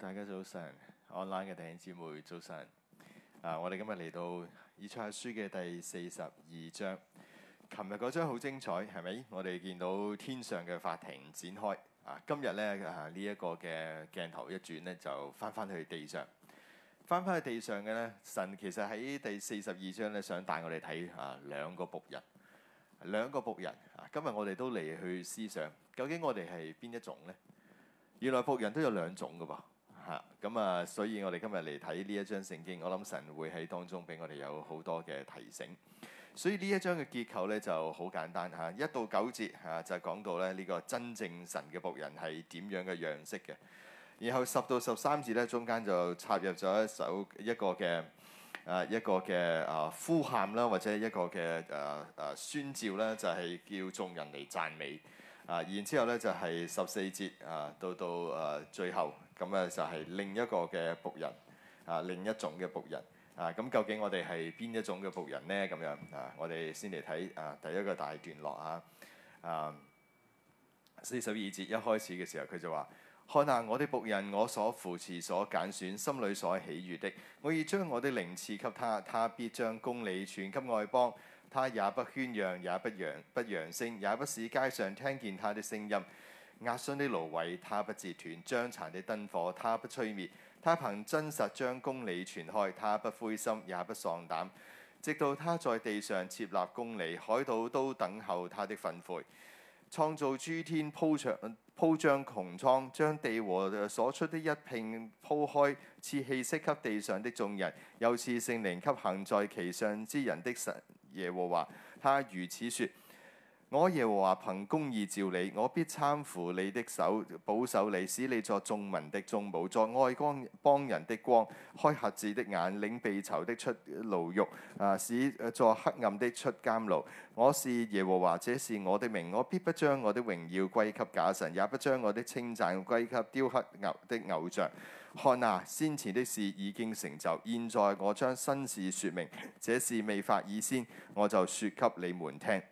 大家早上，online 嘅弟兄姊妹早晨啊！我哋今日嚟到《以賽亞書》嘅第四十二章。琴日嗰章好精彩，係咪？我哋見到天上嘅法庭展開啊！今日咧啊，呢一個嘅鏡頭一轉咧，就翻翻去地上，翻翻去地上嘅咧。神其實喺第四十二章咧，想帶我哋睇啊，兩個僕人，兩個僕人啊！今日我哋都嚟去思想，究竟我哋係邊一種咧？原來僕人都有兩種噶噃。咁啊！所以我哋今日嚟睇呢一章聖經，我諗神會喺當中俾我哋有好多嘅提醒。所以呢一章嘅結構咧就好簡單嚇，一到九節嚇就講到咧呢個真正神嘅僕人係點樣嘅樣式嘅。然後十到十三節咧中間就插入咗一首一個嘅啊一個嘅啊呼喊啦，或者一個嘅誒誒宣召啦，就係叫眾人嚟讚美啊。然之後咧就係十四節啊到到誒最後。咁啊，就係另一個嘅僕人啊，另一種嘅僕人啊。咁究竟我哋係邊一種嘅僕人呢？咁樣啊，我哋先嚟睇啊，第一個大段落啊。啊，四十二節一開始嘅時候，佢就話：哈哈哈哈，看下我的僕人，我所扶持、所揀選、心裏所喜悅的，我已將我的靈賜給他，他必將公理傳給外邦。他也不喧嚷，也不揚，不揚，不揚聲，也不使街上聽見他的聲音。壓傷的蘆葦，他不折斷；將殘的燈火，他不吹滅。他憑真實將公理傳開，他不灰心也不喪膽，直到他在地上設立公理，海島都等候他的訓誨。創造諸天鋪長鋪張穹蒼，將地和所出的一片鋪開，賜氣息給地上的眾人，又賜聖靈給行在其上之人的神耶和華。他如此說。我耶和華憑公義召你，我必攙扶你的手，保守你，使你作眾民的中保，作外邦人的光，開瞎子的眼，領被囚的出牢獄，啊，使作黑暗的出監牢。我是耶和華，這是我的名，我必不將我的榮耀歸給假神，也不將我的稱讚歸給雕刻牛的偶像。看啊，先前的事已經成就，現在我將新事說明，這事未發已先，我就說給你們聽。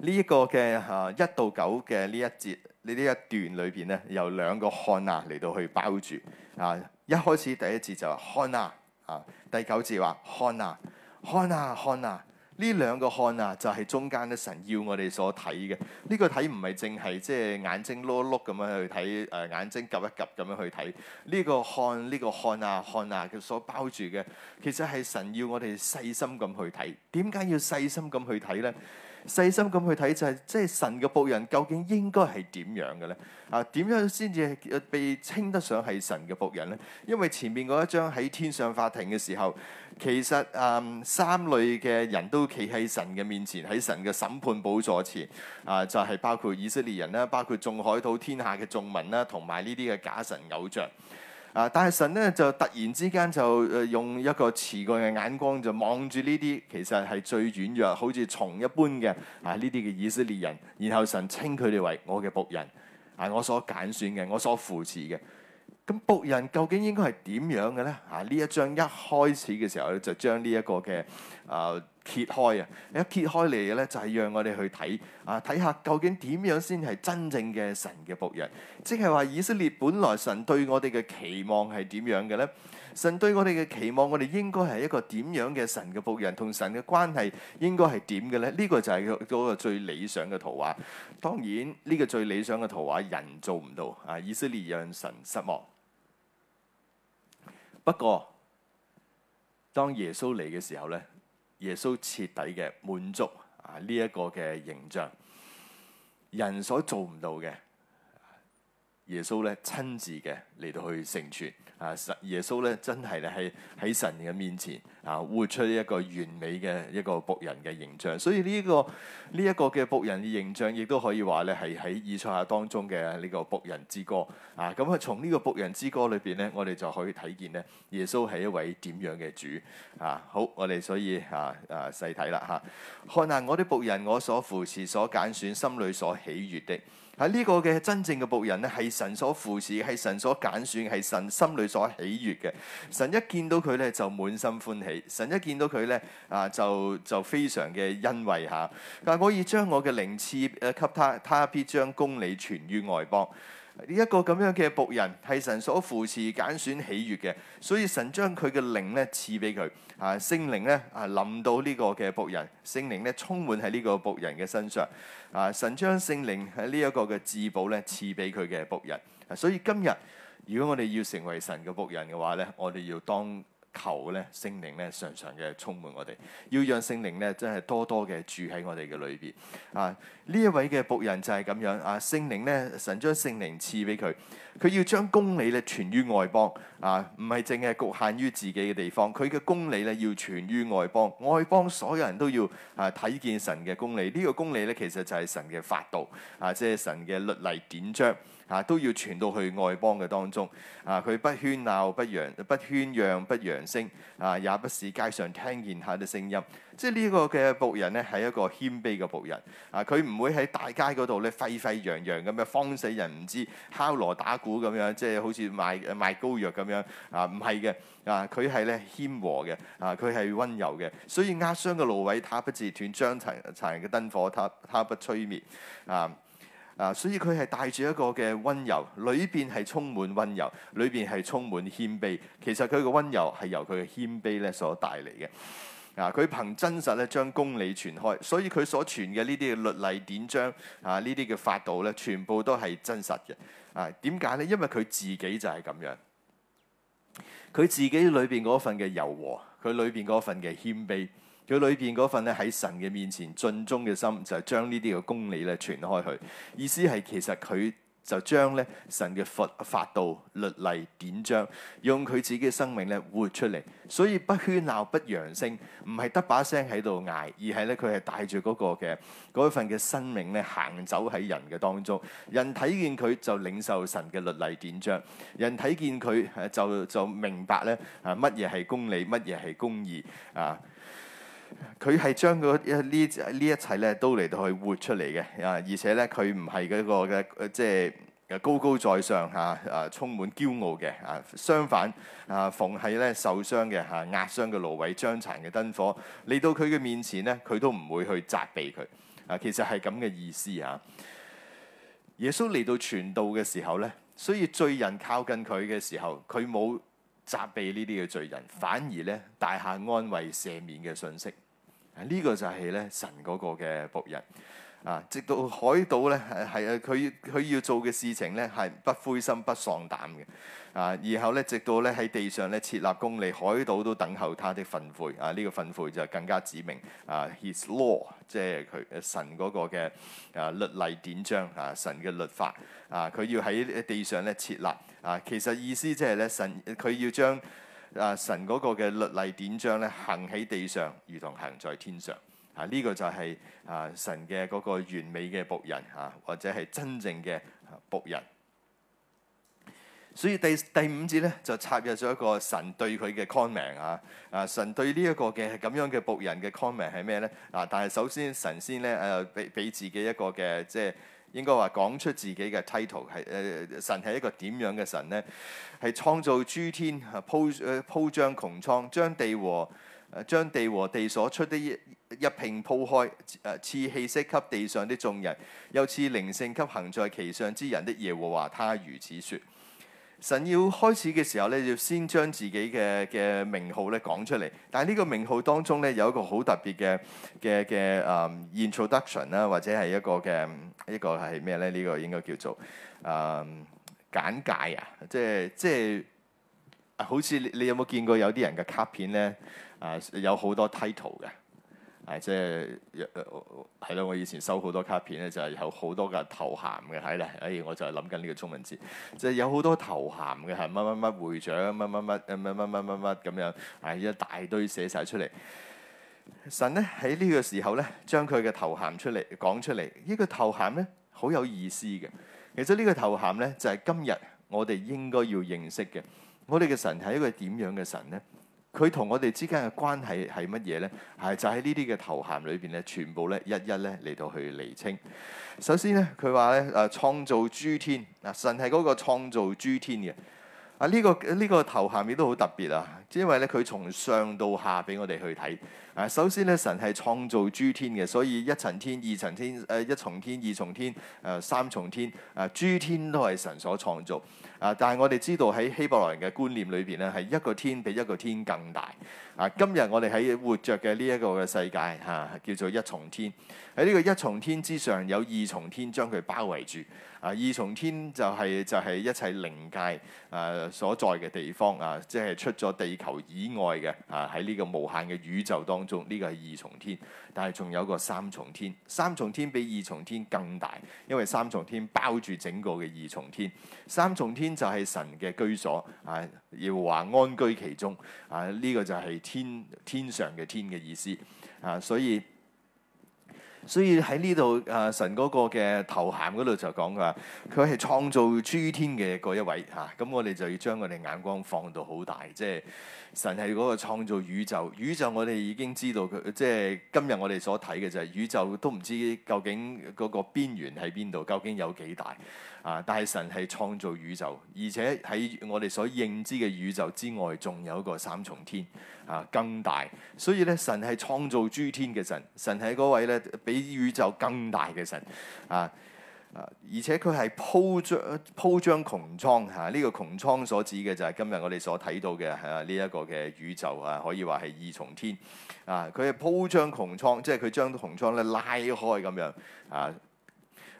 呢一個嘅嚇一到九嘅呢一節，你呢一段裏邊咧，有兩個看哪嚟到去包住啊。一開始第一節就話看哪啊，第九節話看哪看哪看哪。呢兩個看哪就係中間咧，神要我哋所睇嘅呢個睇唔係淨係即係眼睛碌碌咁樣去睇誒，眼睛 𥄫 一 𥄫 咁樣去睇呢個看呢，呢個看哪看哪佢所包住嘅，其實係神要我哋細心咁去睇。點解要細心咁去睇咧？細心咁去睇就係，即係神嘅僕人究竟應該係點樣嘅咧？啊，點樣先至被稱得上係神嘅僕人呢？因為前面嗰一章喺天上法庭嘅時候，其實誒、嗯、三類嘅人都企喺神嘅面前，喺神嘅審判寶座前，啊就係、是、包括以色列人啦，包括眾海島天下嘅眾民啦，同埋呢啲嘅假神偶像。啊！但係神咧就突然之間就誒、呃、用一個慈愛嘅眼光就望住呢啲其實係最軟弱、好似蟲一般嘅啊呢啲嘅以色列人，然後神稱佢哋為我嘅僕人，係、啊、我所揀選嘅，我所扶持嘅。咁僕人究竟應該係點樣嘅咧？啊，呢一章一開始嘅時候咧，就將呢一個嘅啊、呃、揭開啊，一揭開嚟嘅咧，就係、是、讓我哋去睇啊，睇下究竟點樣先係真正嘅神嘅僕人，即係話以色列本來神對我哋嘅期望係點樣嘅咧？神對我哋嘅期望，我哋應該係一個點樣嘅神嘅僕人，同神嘅關係應該係點嘅咧？呢、這個就係嗰個最理想嘅圖畫。當然呢、這個最理想嘅圖畫，人做唔到啊！以色列讓神失望。不過，當耶穌嚟嘅時候咧，耶穌徹底嘅滿足啊呢一個嘅形象，人所做唔到嘅，耶穌咧親自嘅嚟到去成全啊！耶穌咧真係咧喺喺神嘅面前。啊，活出一個完美嘅一個僕人嘅形象，所以呢個呢一個嘅僕人嘅形象，亦都可以話咧係喺以賽亞當中嘅呢個僕人之歌。啊，咁啊，從呢個僕人之歌裏邊咧，我哋就可以睇見咧，耶穌係一位點樣嘅主。啊，好，我哋所以啊啊細睇啦嚇，看下我的僕人，我所扶持、所揀選、心裏所喜悅的。喺呢個嘅真正嘅僕人咧，係神所扶持，係神所揀選，係神心裏所喜悅嘅。神一見到佢呢就滿心歡喜；神一見到佢呢啊就就非常嘅欣慰嚇。但可以將我嘅靈賜誒給他，他將、啊、必將公理傳於外邦。呢一個咁樣嘅僕人係神所扶持、揀選、喜悅嘅，所以神將佢嘅靈呢，賜俾佢。啊聖靈呢，啊臨到呢個嘅僕人，聖靈呢，充滿喺呢個僕人嘅身上。啊！神將聖靈喺呢一個嘅至寶咧，賜俾佢嘅僕人、啊。所以今日，如果我哋要成為神嘅僕人嘅話咧，我哋要當頭咧，聖靈咧，常常嘅充滿我哋，要讓聖靈咧，真係多多嘅住喺我哋嘅裏邊。啊，呢一位嘅僕人就係咁樣。啊，聖靈咧，神將聖靈賜俾佢，佢要將公理咧傳於外邦。啊，唔係淨係局限於自己嘅地方，佢嘅公理咧要傳於外邦，外邦所有人都要啊睇見神嘅公理。這個、功呢個公理咧其實就係神嘅法度。啊，即係神嘅律例典章。啊，都要傳到去外邦嘅當中。啊，佢不喧鬧不揚不喧嚷不，不，不揚聲啊，也不使街上聽見他的聲音。即係呢個嘅僕人呢，係一個謙卑嘅僕人。啊，佢唔會喺大街嗰度呢，沸沸揚揚咁樣，方死人唔知敲鑼打鼓咁樣，即係好似賣賣膏藥咁樣。啊，唔係嘅。啊，佢係呢謙和嘅。啊，佢係温柔嘅。所以壓傷嘅蘆葦，他不折斷；張；將殘殘嘅燈火，他他不吹滅。啊。啊，所以佢係帶住一個嘅温柔，裏邊係充滿温柔，裏邊係充滿謙卑。其實佢嘅温柔係由佢嘅謙卑咧所帶嚟嘅。啊，佢憑真實咧將公理傳開，所以佢所傳嘅呢啲嘅律例典章啊，呢啲嘅法道咧，全部都係真實嘅。啊，點解呢？因為佢自己就係咁樣，佢自己裏邊嗰份嘅柔和，佢裏邊嗰份嘅謙卑。佢裏邊嗰份咧喺神嘅面前盡忠嘅心，就將呢啲嘅公理咧傳開去。意思係其實佢就將咧神嘅法度律例典章，用佢自己嘅生命咧活出嚟。所以不喧鬧、不揚聲，唔係得把聲喺度嗌，而係咧佢係帶住嗰個嘅嗰份嘅生命咧行走喺人嘅當中。人睇見佢就領受神嘅律例典章，人睇見佢誒就就明白咧啊乜嘢係公理，乜嘢係公義啊。佢係將一呢呢一切咧，都嚟到去活出嚟嘅啊！而且咧、那個，佢唔係嗰個嘅，即係高高在上吓，啊，充滿驕傲嘅啊。相反啊，逢係咧受傷嘅吓，壓傷嘅蘆葦、將殘嘅燈火嚟到佢嘅面前咧，佢都唔會去責備佢啊。其實係咁嘅意思吓、啊。耶穌嚟到傳道嘅時候咧，所以罪人靠近佢嘅時候，佢冇。責備呢啲嘅罪人，反而咧大下安慰赦免嘅信息，呢、啊，這個就係咧神嗰個嘅僕人啊！直到海島咧，係啊，佢佢要做嘅事情咧係不灰心不喪膽嘅。啊！然後咧，直到咧喺地上咧設立公理，海島都等候他的訓誨。啊！呢個訓誨就更加指明啊，His law，即係佢神嗰個嘅啊律例典章啊，神嘅律法啊，佢要喺地上咧設立啊。其實意思即係咧，將神佢要將啊神嗰個嘅律例典章咧行喺地上，如同行在天上。啊！呢個就係啊神嘅嗰個完美嘅僕人啊，或者係真正嘅僕人。所以第第五節咧就插入咗一個神對佢嘅 comment 啊啊！神對呢一個嘅咁樣嘅僕人嘅 comment 係咩咧啊？但係首先，神仙咧誒俾俾自己一個嘅即係應該話講出自己嘅 title 係誒、啊、神係一個點樣嘅神咧？係創造諸天鋪誒鋪張穹蒼，將地和、啊、將地和地所出的一一平鋪開誒，賜氣息給地上的眾人，又賜靈性給行在其上之人的耶和華，他如此説。神要開始嘅時候咧，要先將自己嘅嘅名號咧講出嚟。但係呢個名號當中咧，有一個好特別嘅嘅嘅誒 introduction 啦，嗯、introdu ction，或者係一個嘅一個係咩咧？呢、呢個應該叫做誒、嗯、簡介啊！即係即係好似你你有冇見過有啲人嘅卡片咧？誒、啊、有好多 title 嘅。係，即係誒，係咯、嗯。我以前收好多卡片咧，就係、是、有好多嘅頭銜嘅。睇啦，哎，我就係諗緊呢個中文字，即、就、係、是、有好多頭銜嘅，係乜乜乜會長，乜乜乜誒乜乜乜乜乜咁樣，係、哎、一大堆寫晒出嚟。神咧喺呢個時候咧，將佢嘅頭銜出嚟講出嚟。呢個頭銜咧好有意思嘅。其實呢個頭銜咧就係、是、今日我哋應該要認識嘅。我哋嘅神係一個點樣嘅神咧？佢同我哋之間嘅關係係乜嘢呢？係就喺呢啲嘅頭銜裏邊咧，全部咧一一咧嚟到去釐清。首先咧，佢話咧誒創造諸天啊，神係嗰個創造諸天嘅啊。呢個呢個頭銜亦都好特別啊，即因為咧佢從上到下俾我哋去睇啊。首先咧，神係創造諸天嘅，所以一層天、二層天誒、一重天、二重天誒、三重天啊，諸天都係神所創造。啊！但係我哋知道喺希伯來人嘅觀念裏邊咧，係一個天比一個天更大。啊！今日我哋喺活著嘅呢一個嘅世界，嚇、啊、叫做一重天。喺呢個一重天之上有二重天將佢包圍住。啊！二重天就係、是、就係、是、一切靈界啊所在嘅地方啊，即係出咗地球以外嘅啊，喺呢個無限嘅宇宙當中，呢、這個係二重天。但係仲有個三重天，三重天比二重天更大，因為三重天包住整個嘅二重天。三重天。就係神嘅居所啊，要話安居其中啊，呢、這個就係天天上嘅天嘅意思啊，所以所以喺呢度啊神，嗰個嘅頭銜嗰度就講佢話佢係創造諸天嘅個一位吓，咁、啊、我哋就要將我哋眼光放到好大，即係。神係嗰個創造宇宙，宇宙我哋已經知道佢，即係今日我哋所睇嘅就係宇宙都唔知究竟嗰個邊緣喺邊度，究竟有幾大啊？但係神係創造宇宙，而且喺我哋所認知嘅宇宙之外，仲有一個三重天啊，更大。所以咧，神係創造諸天嘅神，神係嗰位咧比宇宙更大嘅神啊。而且佢係鋪張，鋪張穹蒼吓，呢、啊這個穹蒼所指嘅就係今日我哋所睇到嘅係啊呢一、這個嘅宇宙啊，可以話係二重天啊！佢係鋪張穹蒼，即係佢將穹蒼咧拉開咁樣啊。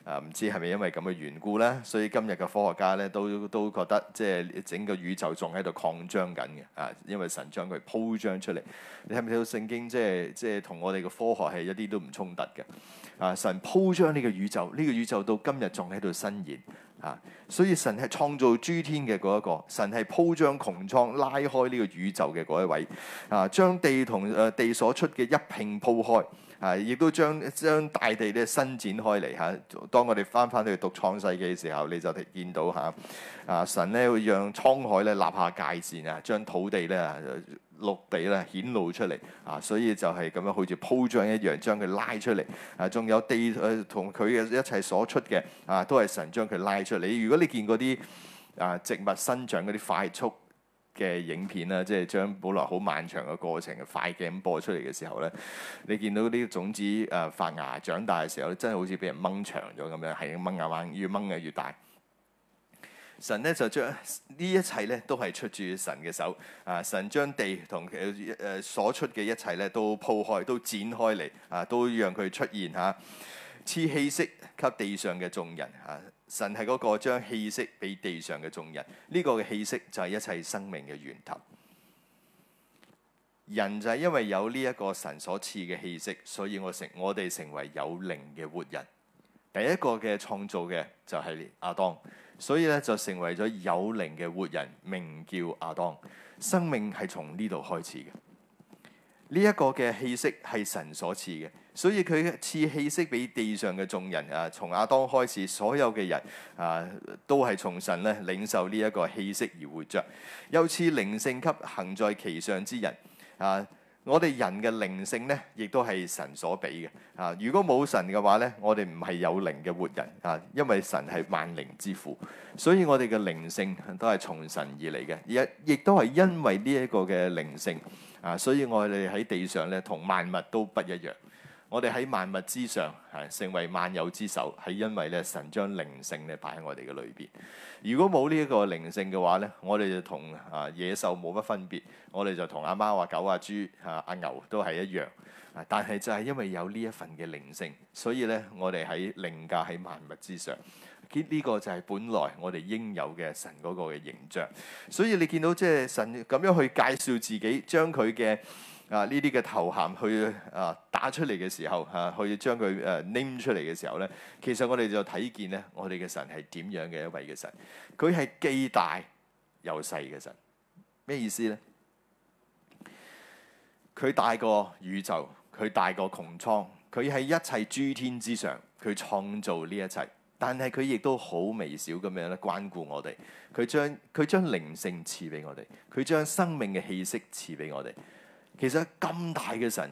啊，唔知係咪因為咁嘅緣故咧，所以今日嘅科學家咧都都覺得，即係整個宇宙仲喺度擴張緊嘅。啊，因為神將佢鋪張出嚟，你睇唔睇到聖經？即係即係同我哋嘅科學係一啲都唔衝突嘅。啊，神鋪張呢個宇宙，呢個宇宙到今日仲喺度伸延。啊！所以神係創造諸天嘅嗰一個，神係鋪張穹蒼，拉開呢個宇宙嘅嗰一位啊，將地同誒、呃、地所出嘅一併鋪開啊，亦都將將大地咧伸展開嚟吓，啊。當我哋翻翻去讀創世紀嘅時候，你就睇見到吓啊，神咧會讓滄海咧立下界線啊，將土地咧。啊陸地咧，顯露出嚟啊，所以就係咁樣好似鋪張一樣，將佢拉出嚟啊。仲有地誒，同佢嘅一切所出嘅啊，都係神將佢拉出嚟。如果你見嗰啲啊植物生長嗰啲快速嘅影片啦，即係將本來好漫長嘅過程，嘅快鏡播出嚟嘅時候咧，你見到啲種子誒、啊、發芽長大嘅時候咧，真係好似俾人掹長咗咁樣，係掹呀掹，越掹嘅越，越大。神咧就將呢一切咧都係出自神嘅手啊！神將地同誒誒所出嘅一切咧都鋪開，都展開嚟啊，都讓佢出現吓、啊。賜氣息、啊、氣息給地上嘅眾人啊！神係嗰個將氣息俾地上嘅眾人，呢、這個嘅氣息就係一切生命嘅源頭。人就係因為有呢一個神所賜嘅氣息，所以我成我哋成為有靈嘅活人。第一個嘅創造嘅就係阿當。所以咧就成為咗有靈嘅活人，名叫亞當。生命係從呢度開始嘅。呢、這、一個嘅氣息係神所賜嘅，所以佢賜氣息俾地上嘅眾人啊，從亞當開始，所有嘅人啊都係從神咧領受呢一個氣息而活着。又賜靈性給行在其上之人啊。我哋人嘅靈性咧，亦都係神所俾嘅。啊，如果冇神嘅話咧，我哋唔係有靈嘅活人啊，因為神係萬靈之父，所以我哋嘅靈性都係從神而嚟嘅，亦亦都係因為呢一個嘅靈性啊，所以我哋喺地上咧同萬物都不一樣。我哋喺萬物之上，係、啊、成為萬有之首，係因為咧神將靈性咧擺喺我哋嘅裏邊。如果冇呢一個靈性嘅話咧，我哋就同啊野獸冇乜分別，我哋就同阿貓啊、狗啊、豬啊、阿牛都係一樣。啊、但係就係因為有呢一份嘅靈性，所以咧我哋喺凌駕喺萬物之上。呢、這個就係本來我哋應有嘅神嗰個嘅形象。所以你見到即係神咁樣去介紹自己，將佢嘅。啊！呢啲嘅頭銜去啊打出嚟嘅時候，嚇、啊、去將佢誒拎出嚟嘅時候咧，其實我哋就睇見咧，我哋嘅神係點樣嘅一位嘅神。佢係既大又細嘅神，咩意思咧？佢大過宇宙，佢大過穹蒼，佢喺一切諸天之上，佢創造呢一切。但係佢亦都好微小咁樣咧，關顧我哋。佢將佢將靈性賜俾我哋，佢將生命嘅氣息賜俾我哋。其實咁大嘅神，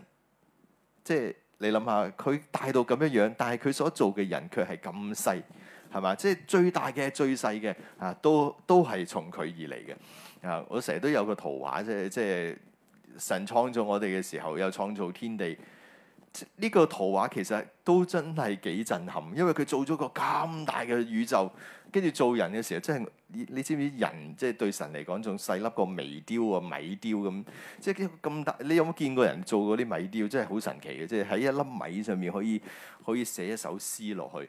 即係你諗下，佢大到咁樣樣，但係佢所做嘅人卻係咁細，係嘛？即係最大嘅、最細嘅啊，都都係從佢而嚟嘅。啊，我成日都有個圖畫，即係即係神創造我哋嘅時候，又創造天地。呢個圖畫其實都真係幾震撼，因為佢做咗個咁大嘅宇宙，跟住做人嘅時候，真係你知唔知人即係對神嚟講，仲細粒個微雕啊、米雕咁，即係咁大。你有冇見過人做嗰啲米雕？真係好神奇嘅，即係喺一粒米上面可以可以寫一首詩落去。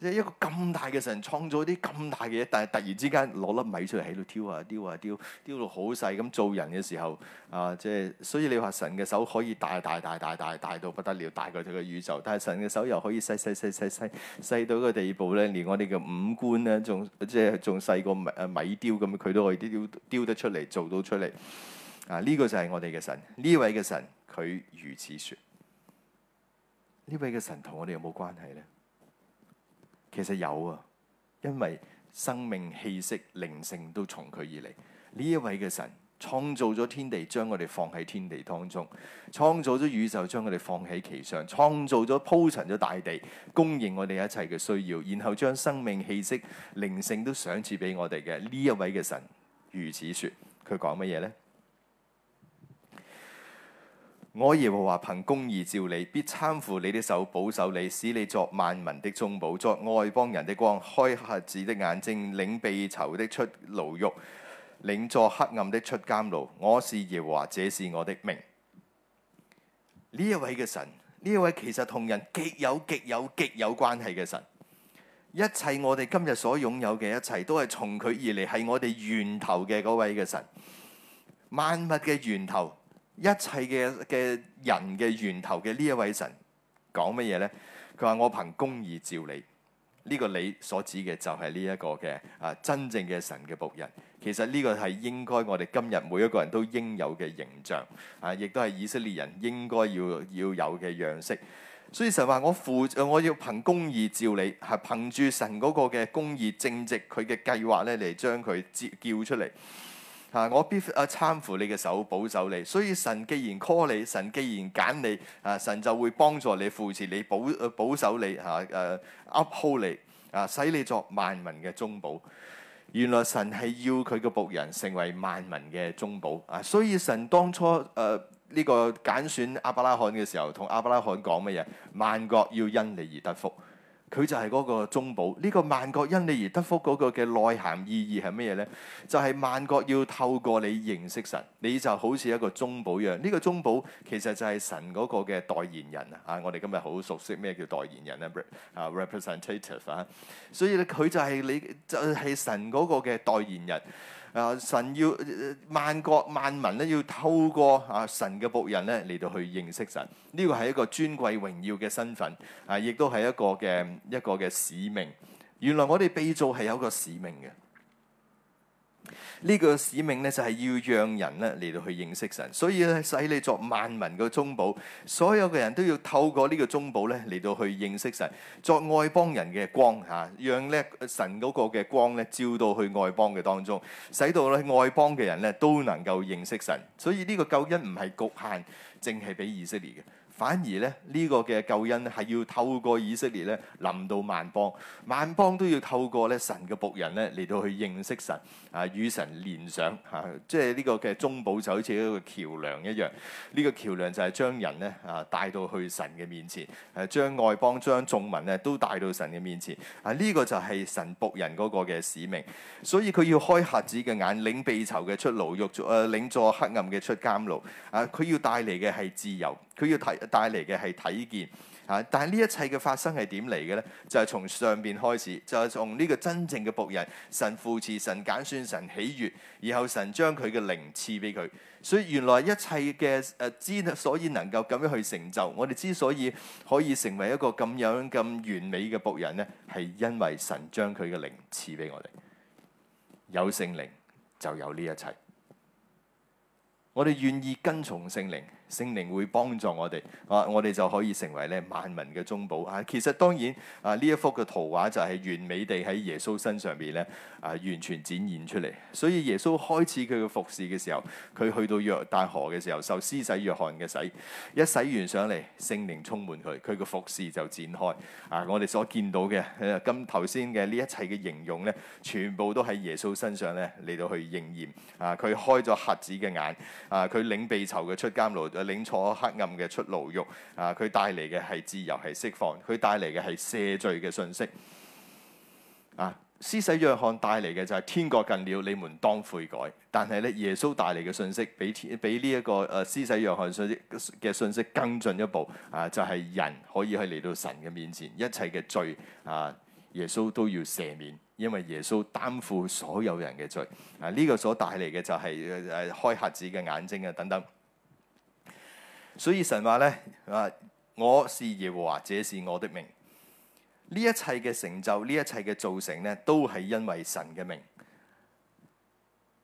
即係一個咁大嘅神，創造啲咁大嘅嘢，但係突然之間攞粒米出嚟喺度挑啊雕啊雕，雕到好細。咁做人嘅時候啊，即係所以你話神嘅手可以大大大大大大到不得了，大過佢嘅宇宙。但係神嘅手又可以細細細細細細到個地步咧，連我哋嘅五官咧，仲即係仲細過米、米雕咁，佢都可以雕雕得出嚟，做到出嚟。啊，呢個就係我哋嘅神。呢位嘅神，佢如此說。呢位嘅神同我哋有冇關係呢？其實有啊，因為生命氣息靈性都從佢而嚟。呢一位嘅神創造咗天地，將我哋放喺天地當中；創造咗宇宙，將我哋放喺其上；創造咗鋪陳咗大地，供應我哋一切嘅需要，然後將生命氣息靈性都賞賜俾我哋嘅呢一位嘅神。如此說，佢講乜嘢呢？我耶和華憑公義召你，必攙扶你的手，保守你，使你作萬民的中保，作外邦人的光，開瞎子的眼睛，領被囚的出牢獄，領坐黑暗的出監牢。我是耶和華，這是我的名。呢一位嘅神，呢一位其實同人極有極有極有關係嘅神，一切我哋今日所擁有嘅一切，都係從佢而嚟，係我哋源頭嘅嗰位嘅神，萬物嘅源頭。一切嘅嘅人嘅源頭嘅呢一位神講乜嘢呢？佢話：「我憑公義照你」，呢個你所指嘅就係呢一個嘅啊真正嘅神嘅僕人。其實呢個係應該我哋今日每一個人都應有嘅形象，啊，亦都係以色列人應該要要有嘅樣式。所以神話我負，我要憑公義照你，係憑住神嗰個嘅公義正直，佢嘅計劃呢嚟將佢叫出嚟。啊！我必啊，攙扶你嘅手，保守你。所以神既然 call 你，神既然揀你，啊，神就會幫助你扶持你，保、啊、保守你吓誒 uphold 你啊，使你作萬民嘅中保。原來神係要佢嘅僕人成為萬民嘅中保啊。所以神當初誒呢、啊這個揀選亞伯拉罕嘅時候，同亞伯拉罕講乜嘢？萬國要因你而得福。佢就係嗰個中保，呢、這個萬國因你而得福嗰個嘅內涵意義係咩嘢呢？就係、是、萬國要透過你認識神，你就好似一個中保一樣。呢、這個中保其實就係神嗰個嘅代言人啊！我哋今日好熟悉咩叫代言人咧？啊，representative 啊，啊，所以咧佢就係你就係、是、神嗰個嘅代言人。啊！神要、啊、萬國萬民咧，要透過啊神嘅僕人咧嚟到去認識神。呢個係一個尊貴榮耀嘅身份，啊，亦都係一個嘅一個嘅使命。原來我哋被造係有個使命嘅。呢個使命咧就係、是、要讓人咧嚟到去認識神，所以咧使你作萬民嘅中保，所有嘅人都要透過個忠呢個中保咧嚟到去認識神，作外邦人嘅光吓、啊，讓咧神嗰個嘅光咧照到去外邦嘅當中，使到咧外邦嘅人咧都能夠認識神，所以呢個救恩唔係局限淨係俾以色列嘅。反而咧，呢、這個嘅救恩咧，係要透過以色列咧，臨到萬邦，萬邦都要透過咧神嘅僕人咧嚟到去認識神，與神啊，與神連想嚇，即係呢個嘅中保就好似一個橋梁一樣。呢、這個橋梁就係將人咧啊帶到去神嘅面前，誒將外邦將眾民咧都帶到神嘅面前啊。呢、這個就係神僕人嗰個嘅使命，所以佢要開瞎子嘅眼，領被囚嘅出牢獄，誒領坐黑暗嘅出監牢啊。佢要帶嚟嘅係自由。佢要提帶嚟嘅係睇見，嚇、啊！但係呢一切嘅發生係點嚟嘅呢？就係、是、從上邊開始，就係、是、從呢個真正嘅僕人，神扶持，神揀選，神喜悅，然後神將佢嘅靈賜俾佢。所以原來一切嘅、呃、之所以能夠咁樣去成就，我哋之所以可以成為一個咁樣咁完美嘅僕人呢，係因為神將佢嘅靈賜俾我哋。有聖靈就有呢一切。我哋願意跟從聖靈。聖靈會幫助我哋啊，我哋就可以成為咧萬民嘅中保啊。其實當然啊，呢一幅嘅圖畫就係完美地喺耶穌身上面咧啊，完全展現出嚟。所以耶穌開始佢嘅服侍嘅時候，佢去到約旦河嘅時候受施洗約翰嘅洗，一洗完上嚟，聖靈充滿佢，佢嘅服侍就展開啊。我哋所見到嘅今頭先嘅呢一切嘅形容咧，全部都喺耶穌身上咧嚟到去應驗啊。佢開咗瞎子嘅眼啊，佢領被囚嘅出監牢。啊領坐黑暗嘅出牢獄啊！佢帶嚟嘅係自由，係釋放，佢帶嚟嘅係赦罪嘅信息啊！施洗約翰帶嚟嘅就係、是、天國近了，你們當悔改。但係咧，耶穌帶嚟嘅信息比比呢、這、一個誒、啊、施洗約翰信息嘅信息更進一步啊！就係、是、人可以去嚟到神嘅面前，一切嘅罪啊，耶穌都要赦免，因為耶穌擔負所有人嘅罪啊！呢、這個所帶嚟嘅就係、是、誒、啊、開瞎子嘅眼睛啊，等等。所以神話咧，啊，我是耶和華，這是我的名。呢一切嘅成就，呢一切嘅造成咧，都係因為神嘅名。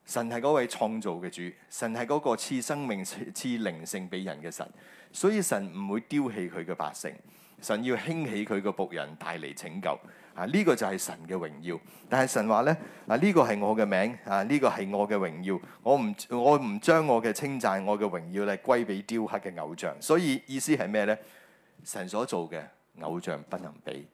神係嗰位創造嘅主，神係嗰個賜生命、賜靈性俾人嘅神。所以神唔會丟棄佢嘅百姓，神要興起佢嘅僕人，帶嚟拯救。啊！呢個就係神嘅榮耀，但係神話呢，啊！呢個係我嘅名啊！呢個係我嘅榮耀，我唔我唔將我嘅稱讚、我嘅榮耀咧歸俾雕刻嘅偶像，所以意思係咩呢？神所做嘅偶像不能比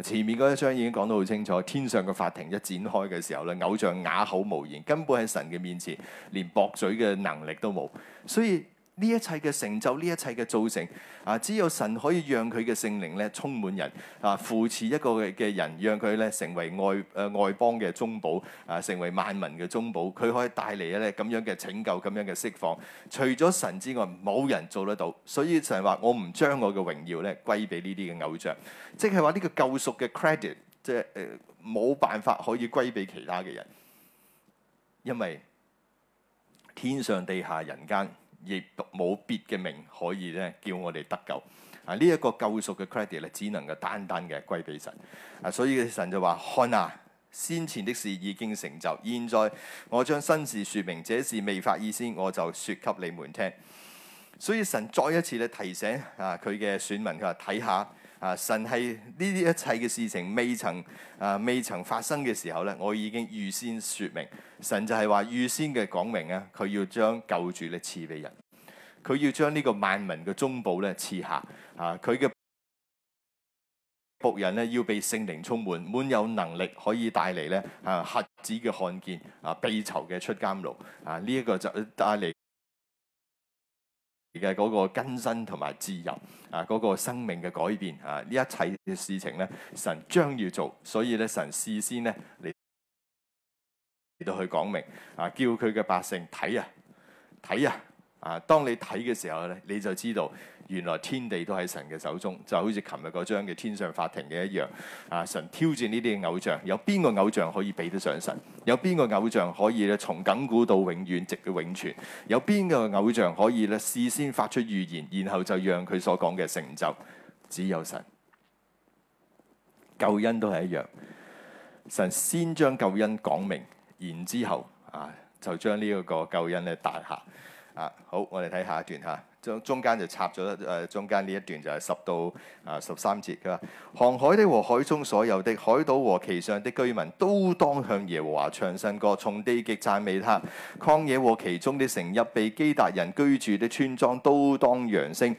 前面嗰一章已經講到好清楚，天上嘅法庭一展開嘅時候咧，偶像啞口無言，根本喺神嘅面前連駁嘴嘅能力都冇，所以。呢一切嘅成就，呢一切嘅造成啊，只有神可以讓佢嘅聖靈咧充滿人啊，扶持一個嘅人，讓佢咧成為外誒、呃、外邦嘅中保，啊，成為萬民嘅中保，佢可以帶嚟一咧咁樣嘅拯救，咁樣嘅釋放。除咗神之外，冇人做得到。所以神話我唔將我嘅榮耀咧歸俾呢啲嘅偶像，即係話呢個救贖嘅 credit，即係誒冇、呃、辦法可以歸俾其他嘅人，因為天上、地下、人間。亦冇別嘅名可以咧叫我哋得救，啊，呢一個救贖嘅 credit 咧只能夠單單嘅歸俾神，啊，所以神就話：看哪，先前的事已經成就，現在我將新事説明，這事未發以先，我就説給你們聽、啊。所以神再一次咧提醒啊佢嘅選民，佢話睇下。看看啊！神係呢啲一切嘅事情未曾啊未曾發生嘅時候咧，我已經預先説明，神就係話預先嘅講明啊，佢要將救主咧賜俾人，佢要將呢個萬民嘅中保咧賜下啊！佢嘅僕人咧要被聖靈充滿，滿有能力可以帶嚟咧啊瞎子嘅看見啊，被囚嘅出監獄啊！呢、這、一個就帶嚟嘅嗰個更新同埋自由。啊！嗰個生命嘅改變啊！呢一切嘅事情咧，神將要做，所以咧，神事先咧嚟嚟到去講明啊，叫佢嘅百姓睇啊，睇啊！啊！當你睇嘅時候咧，你就知道原來天地都喺神嘅手中，就好似琴日嗰章嘅天上法庭嘅一樣。啊！神挑戰呢啲偶像，有邊個偶像可以比得上神？有邊個偶像可以咧從緊固到永遠直到永存？有邊個偶像可以咧事先發出預言，然後就讓佢所講嘅成就？只有神。救恩都係一樣。神先將救恩講明，然之後啊就將呢一個救恩咧帶下。啊，好，我哋睇下一段嚇，中、啊、中間就插咗誒、啊，中間呢一段就係十到啊十三節，佢、啊、話：航 海的和海中所有的海島和其上的居民都當向耶和華唱新歌，從地極讚美他；曠野和其中的城邑、被基達人居住的村莊都當揚聲。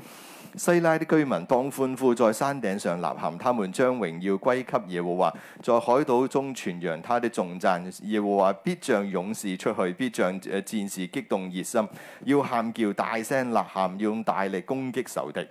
西拉的居民當歡呼，在山頂上吶喊，他們將榮耀歸給耶和華，在海島中傳揚他的頌讚。耶和華必像勇士出去，必像誒戰士激動熱心，要喊叫、大聲吶喊，要用大力攻擊仇敵。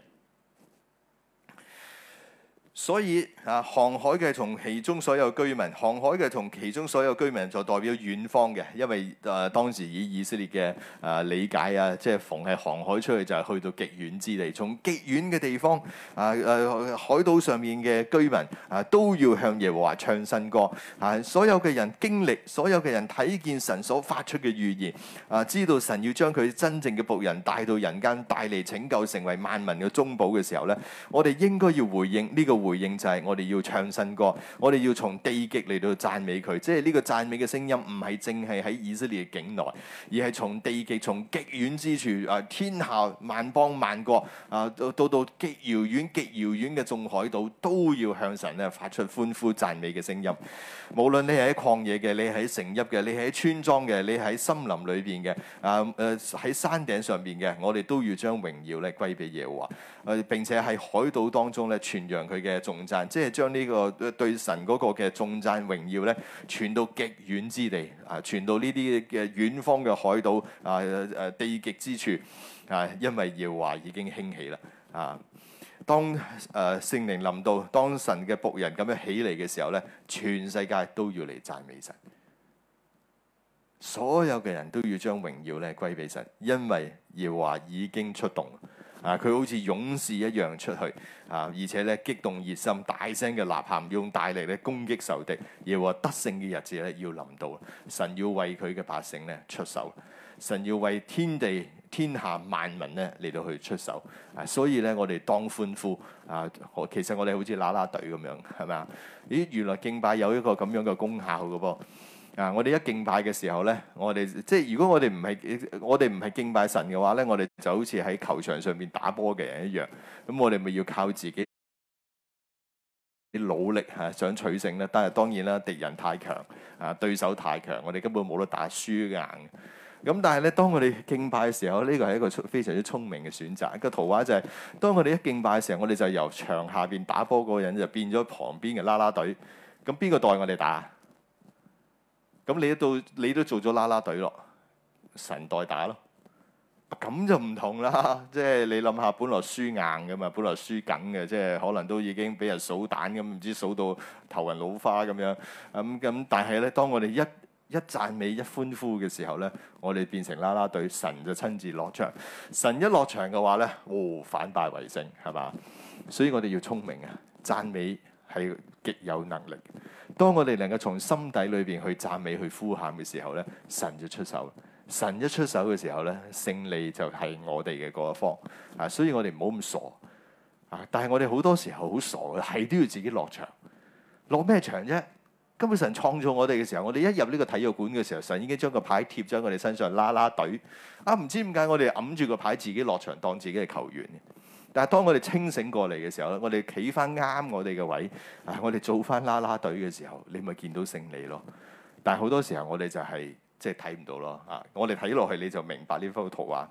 所以啊，航海嘅同其中所有居民，航海嘅同其中所有居民就代表遠方嘅，因為誒、呃、當時以以色列嘅誒、呃、理解啊，即係逢係航海出去就係去到極遠之地，從極遠嘅地方啊誒、啊、海島上面嘅居民啊都要向耶和華唱新歌啊！所有嘅人經歷所有嘅人睇見神所發出嘅預言啊，知道神要將佢真正嘅僕人帶到人間，帶嚟拯救，成為萬民嘅中保嘅時候咧，我哋應該要回應呢、這個。回應就係我哋要唱新歌，我哋要從地極嚟到讚美佢，即係呢個讚美嘅聲音唔係淨係喺以色列嘅境內，而係從地極、從極遠之處啊、呃，天下萬邦萬國啊、呃，到到到極遙遠、極遙遠嘅眾海島，都要向神咧發出歡呼讚美嘅聲音。無論你係喺曠野嘅，你喺城邑嘅，你喺村莊嘅，你喺森林裏邊嘅啊，誒、呃、喺、呃、山頂上邊嘅，我哋都要將榮耀咧歸俾耶和華。誒、並且喺海島當中咧傳揚佢嘅頌讚，即係將呢個對神嗰個嘅頌讚榮耀咧傳到極遠之地啊！傳到呢啲嘅遠方嘅海島啊、誒、啊、地極之處啊，因為耶和華已經興起啦啊！當誒、啊、聖靈臨到，當神嘅僕人咁樣起嚟嘅時候咧，全世界都要嚟讚美神，所有嘅人都要將榮耀咧歸俾神，因為耶和華已經出動。啊！佢好似勇士一樣出去啊，而且咧激動熱心，大聲嘅吶喊，用大力咧攻擊仇敵，而話得勝嘅日子咧要臨到，神要為佢嘅百姓咧出手，神要為天地天下萬民咧嚟到去出手啊！所以咧，我哋當歡呼啊！其實我哋好似啦啦隊咁樣，係咪啊？咦，原來敬拜有一個咁樣嘅功效嘅噃。啊！我哋一敬拜嘅時候咧，我哋即係如果我哋唔係我哋唔係敬拜神嘅話咧，我哋就好似喺球場上邊打波嘅人一樣。咁我哋咪要靠自己努力嚇，啊，想取勝咧。但係當然啦，敵人太強啊，對手太強，我哋根本冇得打輸硬。咁但係咧，當我哋敬拜嘅時候，呢個係一個非常之聰明嘅選擇。個圖畫就係，當我哋一敬拜嘅時候，我哋就由場下邊打波嗰個人就變咗旁邊嘅啦啦隊。咁邊個代我哋打？咁你一到你都做咗啦啦隊咯，神代打咯，咁就唔同啦。即係你諗下，本來輸硬嘅嘛，本來輸緊嘅，即係可能都已經俾人數蛋咁，唔知數到頭暈腦花咁樣。咁、嗯、咁，但係咧，當我哋一一讚美一歡呼嘅時候咧，我哋變成啦啦隊，神就親自落場。神一落場嘅話咧，哦，反敗為勝係嘛？所以我哋要聰明啊，讚美。係極有能力。當我哋能夠從心底裏邊去讚美、去呼喊嘅時候咧，神就出手。神一出手嘅時候咧，勝利就係我哋嘅嗰一方。啊，所以我哋唔好咁傻。啊，但係我哋好多時候好傻嘅，係都要自己落場。落咩場啫？根本神創造我哋嘅時候，我哋一入呢個體育館嘅時候，神已經將個牌貼咗喺我哋身上，拉拉隊。啊，唔知點解我哋揞住個牌，自己落場當自己係球員。但係當我哋清醒過嚟嘅時候咧，我哋企翻啱我哋嘅位， 啊，我哋做翻啦啦隊嘅時候，你咪見到勝利咯。但係好多時候我哋就係、是、即係睇唔到咯。啊，我哋睇落去你就明白呢幅圖畫。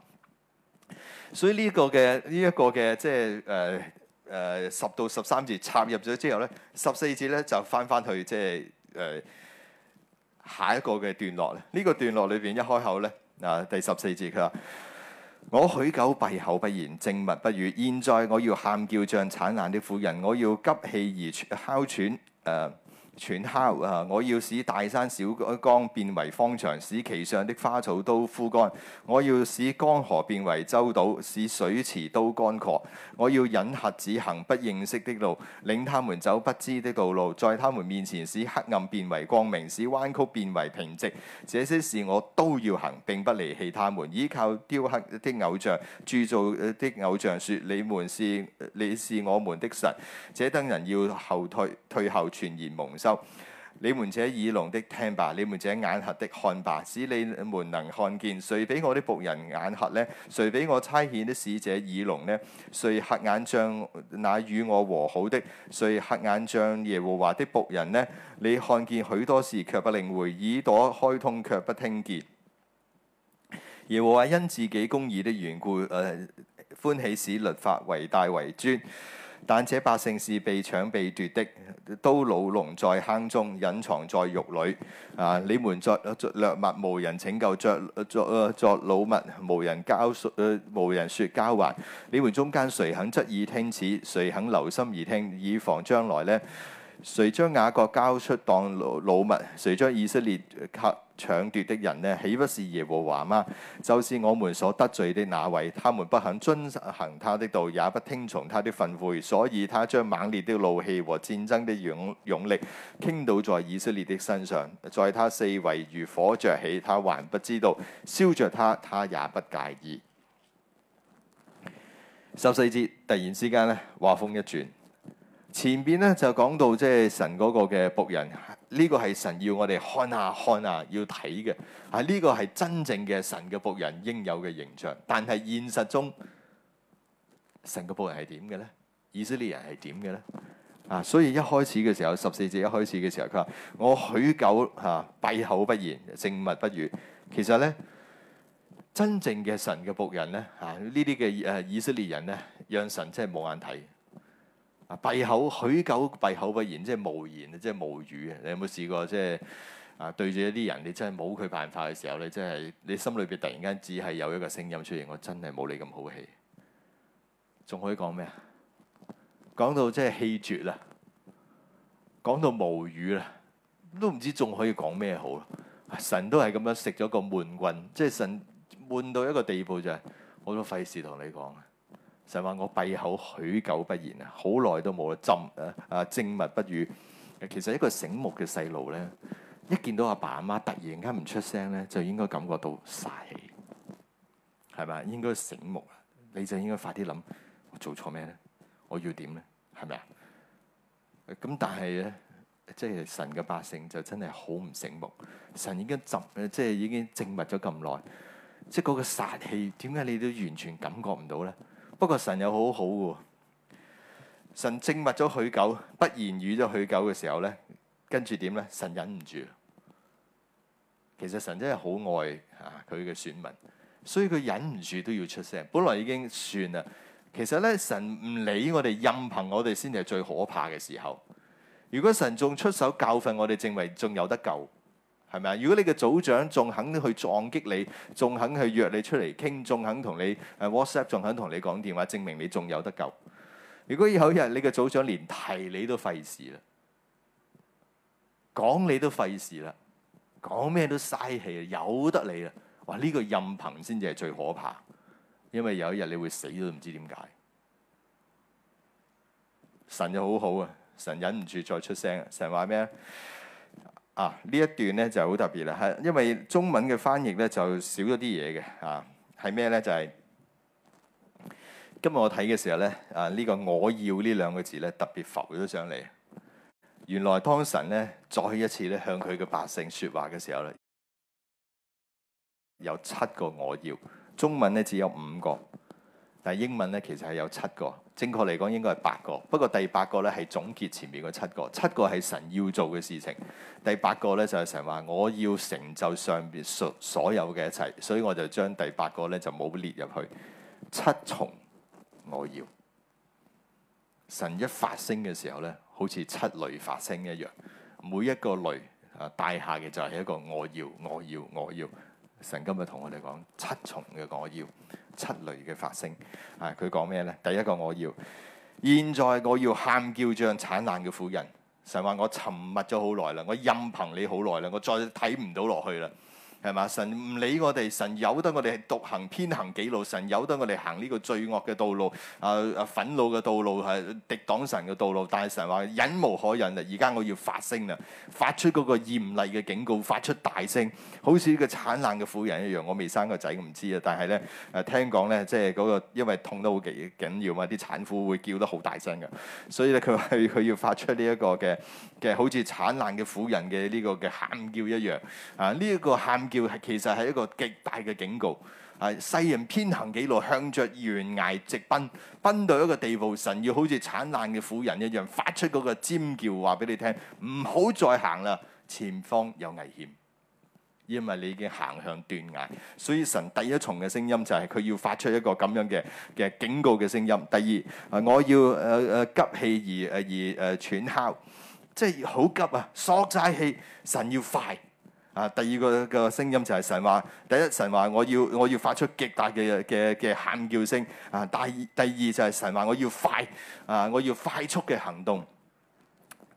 所以呢一個嘅呢一個嘅即係誒誒十到十三節插入咗之後咧，十四節咧就翻翻去即係誒、呃、下一個嘅段落咧。呢、這個段落裏邊一開口咧，嗱、啊、第十四節佢話。我許久閉口不言，靜默不語。現在我要喊叫，像產難的婦人；我要急氣而哮喘，誒、呃。全敲啊！我要使大山小岡變為荒場，使其上的花草都枯乾。我要使江河變為洲島，使水池都乾涸。我要引瞎子行不認識的路，領他們走不知的道路，在他們面前使黑暗變為光明，使彎曲變為平直。這些事我都要行，並不離棄他們，倚靠雕刻的偶像，鑄造的偶像說，說你們是你是我們的神。這等人要後退退後全然蒙。就你們這耳聾的聽吧，你們這眼瞎的看吧，使你們能看見。誰俾我的僕人眼瞎呢？誰俾我差遣的使者耳聾呢？誰瞎眼像那與我和好的？誰瞎眼像耶和華的僕人呢？你看見許多事卻不領會，耳朵開通卻不聽見。耶和華因自己公義的緣故，誒歡喜使律法為大為尊。但這百姓是被搶被奪的，都牢籠在坑中，隱藏在獄裏。啊！你們作掠物無人拯救，作作作擄物無人交説、呃，無人説交還。你們中間誰肯側耳聽此？誰肯留心而聽，以防將來呢？誰將雅各交出當作擄物？誰將以色列給搶奪的人呢？豈不是耶和華嗎？就是我們所得罪的那位，他們不肯遵行他的道，也不聽從他的訓誨，所以他將猛烈的怒氣和戰爭的勇勇力傾倒在以色列的身上，在他四圍如火著起，他還不知道燒著他，他也不介意。十四節，突然之間呢，話鋒一轉。前邊咧就講到即係神嗰個嘅僕人，呢個係神要我哋看下看下要睇嘅，係呢個係真正嘅神嘅僕人應有嘅形象。但係現實中，神嘅僕人係點嘅咧？以色列人係點嘅咧？啊，所以一開始嘅時候，十四節一開始嘅時候，佢話：我許久嚇、啊、閉口不言，靜默不語。其實咧，真正嘅神嘅僕人咧嚇，呢啲嘅誒以色列人咧，讓神真係冇眼睇。閉口許久閉口不言，即係無言，即係無語。你有冇試過？即係啊，對住一啲人，你真係冇佢辦法嘅時候，你真係你心裏邊突然間只係有一個聲音出現，我真係冇你咁好氣，仲可以講咩？講到即係氣絕啦，講到無語啦，都唔知仲可以講咩好。神都係咁樣食咗個悶棍，即係神悶到一個地步就係，我都費事同你講。就話我閉口許久不言啊，好耐都冇浸啊、啊，靜默不語。其實一個醒目嘅細路咧，一見到阿爸阿媽突然間唔出聲咧，就應該感覺到殺氣，係咪？應該醒目，你就應該快啲諗我做錯咩咧？我要點咧？係咪啊？咁但係咧，即係神嘅百姓就真係好唔醒目。神已經浸，即係已經靜默咗咁耐，即係嗰個殺氣點解你都完全感覺唔到咧？不過神又好好、啊、嘅，神靜默咗許久，不言語咗許久嘅時候呢，跟住點呢？神忍唔住，其實神真係好愛啊佢嘅選民，所以佢忍唔住都要出聲。本來已經算啦，其實呢，神唔理我哋，任憑我哋先至係最可怕嘅時候。如果神仲出手教訓我哋，正為仲有得救。係咪如果你嘅組長仲肯去撞擊你，仲肯去約你出嚟傾，仲肯同你誒、啊、WhatsApp，仲肯同你講電話，證明你仲有得救。如果有一日你嘅組長連提你都費事啦，講你都，都費事啦，講咩都嘥氣啊，由得你啊！哇！呢、這個任憑先至係最可怕，因為有一日你會死都唔知點解。神就好好啊，神忍唔住再出聲啊！神話咩？啊！呢一段咧就好特別啦，係、啊、因為中文嘅翻譯咧就少咗啲嘢嘅啊。係咩咧？就係、是、今日我睇嘅時候咧，啊呢、呢個我要呢兩個字咧特別浮咗上嚟。原來當神咧再一次咧向佢嘅百姓説話嘅時候咧，有七個我要，中文咧只有五個。但英文咧，其實係有七個，正確嚟講應該係八個。不過第八個咧係總結前面嘅七個，七個係神要做嘅事情，第八個咧就係、是、神話我要成就上邊所所有嘅一切，所以我就將第八個咧就冇列入去。七重我要，神一發聲嘅時候咧，好似七雷發聲一樣，每一個雷啊帶下嘅就係一個我要，我要，我要。神今日同我哋講七重嘅我要。七雷嘅發聲，啊！佢講咩呢？第一個我要，現在我要喊叫像產難嘅婦人，神話我沉默咗好耐啦，我任憑你好耐啦，我再睇唔到落去啦。係嘛？神唔理我哋，神由得我哋獨行偏行己路，神由得我哋行呢個罪惡嘅道路，啊、呃、啊憤怒嘅道路係、呃、敵擋神嘅道路。但係神話忍無可忍啦，而家我要發聲啦，發出嗰個嚴厲嘅警告，發出大聲，好似呢個產難嘅婦人一樣。我未生個仔唔知啊，但係咧誒聽講咧，即係嗰、那個因為痛得好緊緊要嘛，啲產婦會叫得好大聲㗎。所以咧佢係佢要發出呢、這、一個嘅嘅好似產難嘅婦人嘅呢、這個嘅喊叫一樣啊！呢、這、一個喊。叫其實係一個極大嘅警告。係、啊、世人偏行己路，向着懸崖直奔，奔到一個地步，神要好似產難嘅婦人一樣，發出嗰個尖叫，話俾你聽：唔好再行啦，前方有危險，因為你已經行向斷崖。所以神第一重嘅聲音就係佢要發出一個咁樣嘅嘅警告嘅聲音。第二，我要誒誒、呃、急氣而誒而誒、呃、喘哮，即係好急啊，索晒氣，神要快。啊，第二個，個聲音就係神話。第一，神話我要我要發出極大嘅嘅嘅喊叫聲；啊，第二第二就係神話，我要快啊，我要快速嘅行動。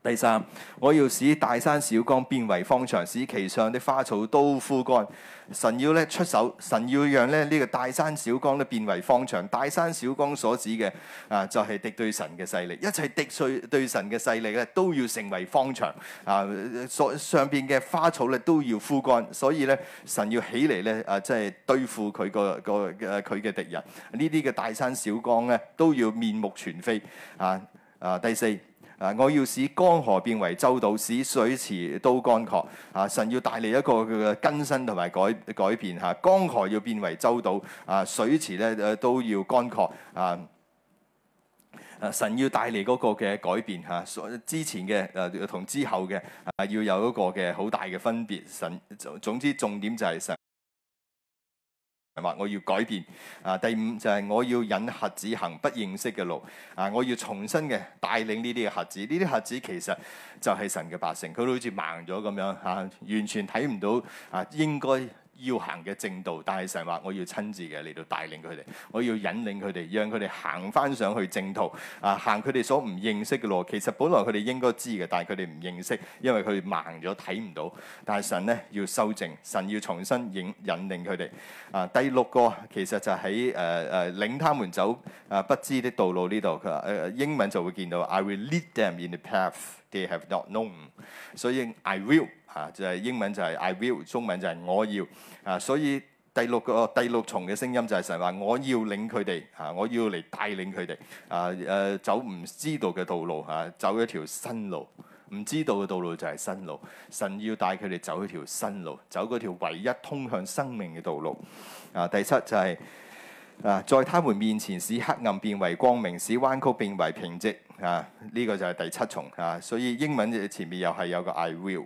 第三，我要使大山小岡變為荒場，使其上的花草都枯乾。神要咧出手，神要讓咧呢個大山小岡咧變為荒場。大山小岡所指嘅啊，就係、是、敵對神嘅勢力，一切敵對對神嘅勢力咧都要成為荒場啊！所上邊嘅花草咧都要枯乾，所以咧神要起嚟咧啊，即、就、係、是、對付佢個個佢嘅敵人。呢啲嘅大山小岡咧都要面目全非啊！啊，第四。啊！我要使江河變為洲島，使水池都乾涸。啊！神要帶嚟一個嘅更新同埋改改變。嚇、啊，江河要變為洲島，啊，水池咧誒都要乾涸。啊！神要帶嚟個嘅改變。嚇、啊，之前嘅誒同之後嘅啊，要有一個嘅好大嘅分別。神總之重點就係。神。係嘛？我要改變啊！第五就係我要引瞎子行不認識嘅路啊！我要重新嘅帶領呢啲嘅瞎子，呢啲瞎子其實就係神嘅百姓，佢都好似盲咗咁樣吓，啊，完全睇唔到啊！應該。要行嘅正道，但係神話我要親自嘅嚟到帶領佢哋，我要引領佢哋，讓佢哋行翻上去正途。啊，行佢哋所唔認識嘅路。其實本來佢哋應該知嘅，但係佢哋唔認識，因為佢盲咗睇唔到。但係神呢要修正，神要重新引引領佢哋。啊，第六個其實就喺誒誒領他們走啊、呃、不知的道路呢度。佢話誒英文就會見到 I will lead them in the path they have not known，所以 I will。啊，就係英文就係 I will，中文就係我要啊，所以第六個第六重嘅聲音就係神話，我要領佢哋啊，我要嚟帶領佢哋啊，誒、啊、走唔知道嘅道路啊，走一條新路，唔知道嘅道路就係新路，神要帶佢哋走一條新路，走嗰條唯一通向生命嘅道路啊。第七就係、是、啊，在他們面前使黑暗變為光明，使彎曲變為平直啊，呢、這個就係第七重啊。所以英文前面又係有個 I will。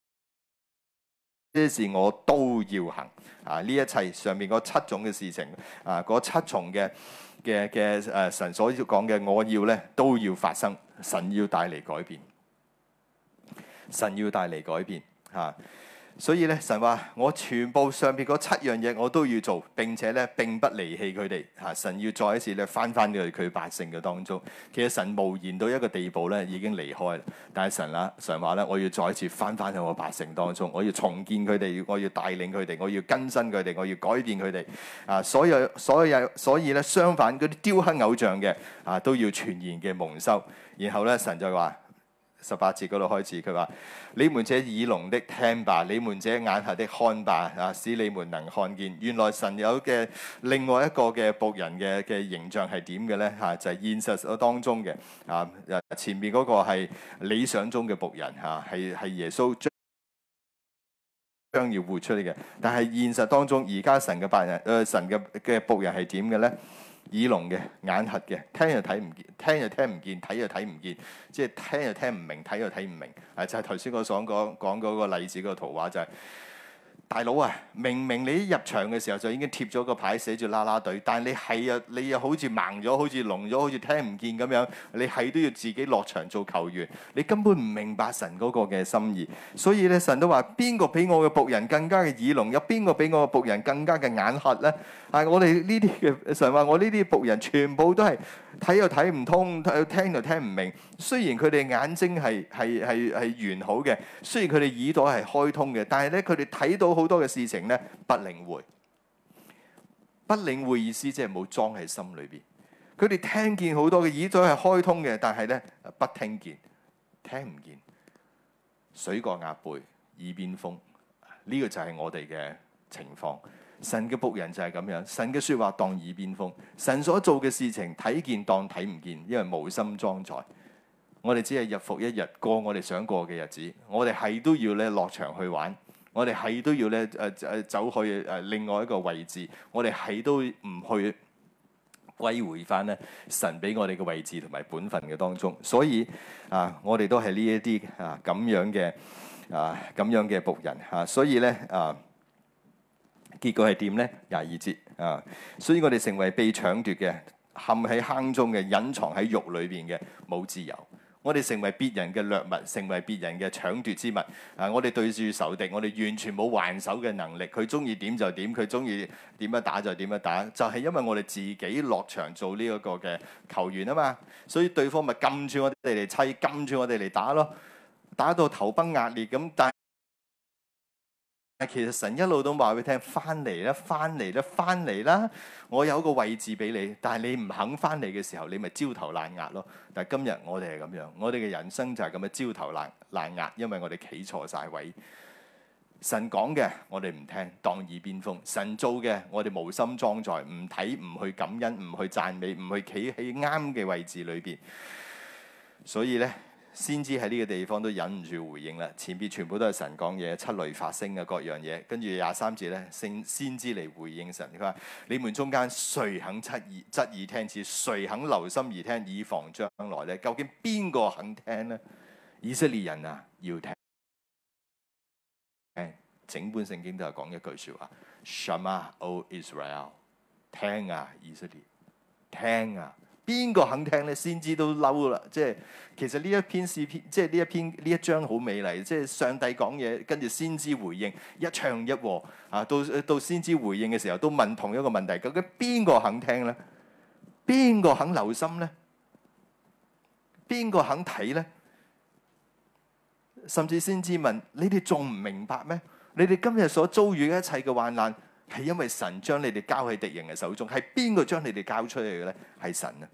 呢啲事我都要行啊！呢一切上面嗰七種嘅事情啊，嗰七重嘅嘅嘅誒，神所講嘅我要咧都要發生，神要帶嚟改變，神要帶嚟改變啊！所以咧，神話我全部上邊嗰七樣嘢我都要做，並且咧並不離棄佢哋。嚇、啊，神要再一次咧翻翻去佢百姓嘅當中。其實神無言到一個地步咧，已經離開。但係神啊，神話咧，我要再一次翻翻去我百姓當中，我要重建佢哋，我要帶領佢哋，我要更新佢哋，我要改變佢哋。啊，所有所有所以咧，相反嗰啲雕刻偶像嘅啊，都要傳言嘅蒙羞。然後咧，神就話。十八節嗰度開始，佢話：你們這耳聾的聽吧，你們這眼瞎的看吧，啊，使你們能看見。原來神有嘅另外一個嘅僕人嘅嘅形象係點嘅呢？啊，就係、是、現實所當中嘅。啊，前面嗰個係理想中嘅僕人，嚇，係係耶穌將將要活出嚟嘅。但係現實當中，而家神嘅僕人，誒、呃、神嘅嘅僕人係點嘅呢？耳聾嘅、眼瞎嘅，聽又睇唔見，聽又聽唔見，睇又睇唔見，即係聽又聽唔明，睇又睇唔明。啊，就係頭先我所講講嗰個例子、嗰個圖畫就係、是，大佬啊，明明你入場嘅時候就已經貼咗個牌，寫住啦啦隊，但係你係啊，你又好似盲咗，好似聾咗，好似聽唔見咁樣，你係都要自己落場做球員，你根本唔明白神嗰個嘅心意。所以咧，神都話：邊個比我嘅僕人更加嘅耳聾？有邊個比我嘅僕人更加嘅眼瞎呢？」係我哋呢啲嘅神話，我呢啲僕人全部都係睇又睇唔通，又聽又聽唔明。雖然佢哋眼睛係係係係完好嘅，雖然佢哋耳朵係開通嘅，但係咧佢哋睇到好多嘅事情咧不領會，不領會意思即係冇裝喺心裏邊。佢哋聽見好多嘅耳朵係開通嘅，但係咧不聽見，聽唔見。水過鴨背，耳邊風，呢、呢個就係我哋嘅情況。神嘅僕人就係咁樣，神嘅説話當耳邊風，神所做嘅事情睇見當睇唔見，因為無心裝載。我哋只係日復一日過我哋想過嘅日子，我哋係都要咧落場去玩，我哋係都要咧誒誒走去誒、呃、另外一個位置，我哋係都唔去歸回翻咧神俾我哋嘅位置同埋本分嘅當中，所以啊、呃，我哋都係呢一啲啊咁樣嘅啊咁樣嘅僕人啊，所以咧啊。呃結果係點咧？廿二節啊，所以我哋成為被搶奪嘅，陷喺坑中嘅，隱藏喺肉裏邊嘅，冇自由。我哋成為別人嘅掠物，成為別人嘅搶奪之物啊！我哋對住仇敵，我哋完全冇還手嘅能力。佢中意點就點。佢中意點樣打就點樣打，就係因為我哋自己落場做呢一個嘅球員啊嘛。所以對方咪禁住我哋嚟砌，禁住我哋嚟打咯，打到頭崩壓裂咁。但但其實神一路都話俾你聽，翻嚟啦，翻嚟啦，翻嚟啦！我有個位置俾你，但係你唔肯翻嚟嘅時候，你咪焦頭爛額咯。但係今日我哋係咁樣，我哋嘅人生就係咁嘅焦頭爛爛額，因為我哋企錯晒位。神講嘅我哋唔聽，當耳邊風；神做嘅我哋無心裝載，唔睇唔去感恩，唔去讚美，唔去企喺啱嘅位置裏邊。所以呢。先知喺呢個地方都忍唔住回應啦，前面全部都係神講嘢，七雷發聲嘅各樣嘢，跟住廿三節咧，先先知嚟回應神，佢話：你們中間誰肯側耳側耳聽此，誰肯留心而聽，以防將來咧？究竟邊個肯聽呢？以色列人啊，要聽，聽，整本聖經都係講一句說話，Shema O Israel，聽啊，以色列，聽啊。邊個肯聽咧？先知都嬲啦！即係其實呢一篇詩篇，即係呢一篇呢一章好美麗。即係上帝講嘢，跟住先知回應，一唱一和啊！到到先知回應嘅時候，都問同一個問題：究竟邊個肯聽咧？邊個肯留心咧？邊個肯睇咧？甚至先知問：你哋仲唔明白咩？你哋今日所遭遇嘅一切嘅患難，係因為神將你哋交喺敵人嘅手中，係邊個將你哋交出去嘅咧？係神啊！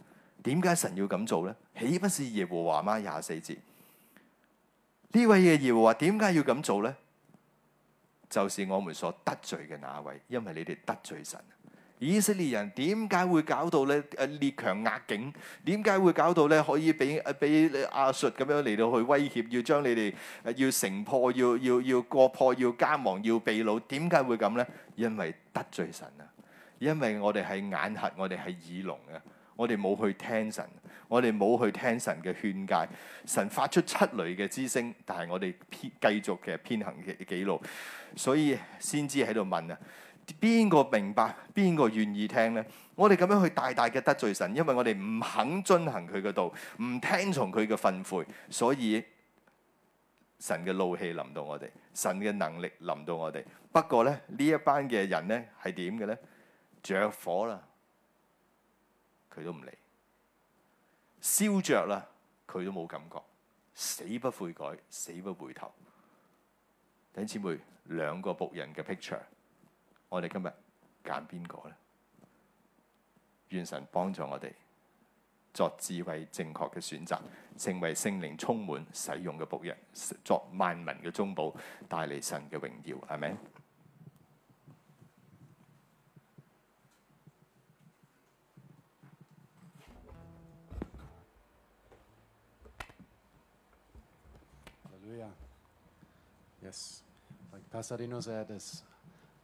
點解神要咁做咧？豈不是耶和華嗎？廿四節，呢位嘅耶和華點解要咁做咧？就是我們所得罪嘅那位，因為你哋得罪神。以色列人點解會搞到咧？誒列強壓境，點解會搞到咧？可以俾俾、呃、阿術咁樣嚟到去威脅，要將你哋、呃、要城破，要要要國破，要家亡，要被擄。點解會咁咧？因為得罪神啊！因為我哋係眼瞎，我哋係耳聾啊！我哋冇去聽神，我哋冇去聽神嘅勸戒。神發出七類嘅之聲，但係我哋偏繼續嘅偏行嘅己路，所以先知喺度問啊！邊個明白？邊個願意聽呢？我哋咁樣去大大嘅得罪神，因為我哋唔肯遵行佢嘅道，唔聽從佢嘅訓誨，所以神嘅怒氣臨到我哋，神嘅能力臨到我哋。不過呢，呢一班嘅人呢，係點嘅呢？着火啦，佢都唔理；燒着啦，佢都冇感覺，死不悔改，死不回頭。弟兄姊妹，兩個僕人嘅 picture。我哋今日揀邊個咧？願神幫助我哋作智慧正確嘅選擇，成為聖靈充滿使用嘅僕人，作萬民嘅中保，帶嚟神嘅榮耀，係咪？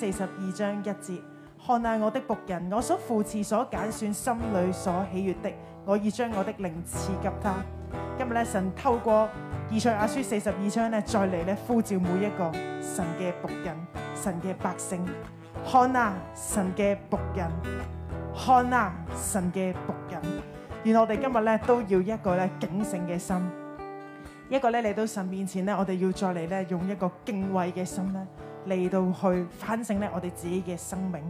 四十二章一節，看下我的僕人，我所扶持所揀選心裏所喜悦的，我已將我的靈賜給他。今日咧神透過以賽亞書四十二章咧，再嚟咧呼召每一個神嘅僕人，神嘅百姓，看啊神嘅僕人，看啊神嘅僕人。而我哋今日咧都要一個咧警醒嘅心，一個咧嚟到神面前咧，我哋要再嚟咧用一個敬畏嘅心咧。嚟到去反省咧，我哋自己嘅生命，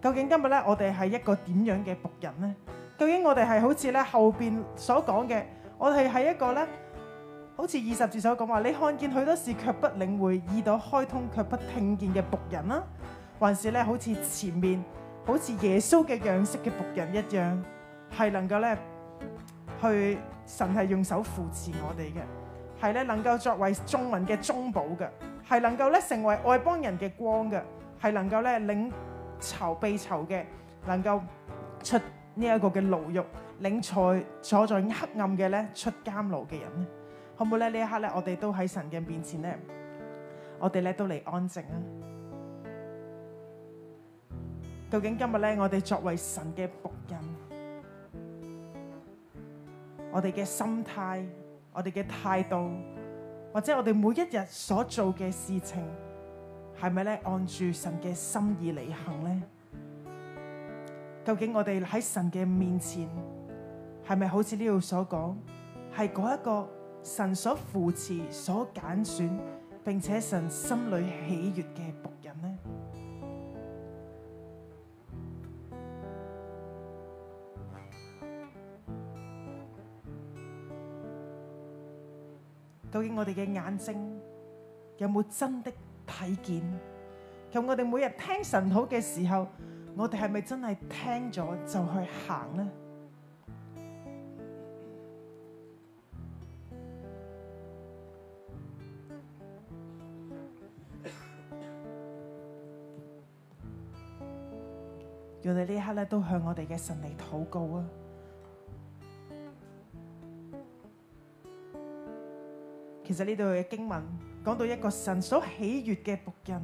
究竟今日咧，我哋係一個點樣嘅僕人呢？究竟我哋係好似咧後邊所講嘅，我哋係一個咧，好似二十節所講話，你看見許多事卻不領會，耳朵開通卻不聽見嘅僕人啦，還是咧好似前面好似耶穌嘅樣式嘅僕人一樣，係能夠咧去神係用手扶持我哋嘅，係咧能夠作為眾民嘅中保嘅。係能夠咧成為外邦人嘅光嘅，係能夠咧領仇被囚嘅，能夠出呢一個嘅牢獄，領在坐，坐在黑暗嘅咧出監牢嘅人咧，好唔好咧？呢一刻咧，我哋都喺神嘅面前咧，我哋咧都嚟安靜啊！究竟今日咧，我哋作為神嘅僕人，我哋嘅心態，我哋嘅態度。或者我哋每一日所做嘅事情，係咪咧按住神嘅心意嚟行咧？究竟我哋喺神嘅面前，係咪好似呢度所講，係嗰一個神所扶持、所揀選，並且神心裏喜悅嘅僕人咧？究竟我哋嘅眼睛有冇真的睇見？咁我哋每日聽神好嘅時候，我哋係咪真係聽咗就去行呢？ 我哋呢刻咧都向我哋嘅神嚟禱告啊！其實呢度嘅經文講到一個神所喜悅嘅僕人，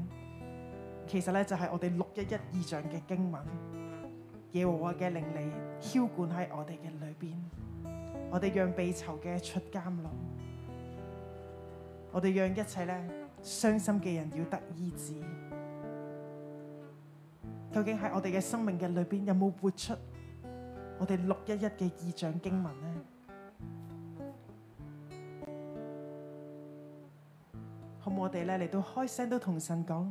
其實咧就係我哋六一一意象嘅經文。耶和華嘅靈力澆灌喺我哋嘅裏邊，我哋讓被囚嘅出監牢，我哋讓一切咧傷心嘅人要得醫治。究竟喺我哋嘅生命嘅裏邊有冇活出我哋六一一嘅意象經文咧？咁我哋咧嚟到開聲都同神講：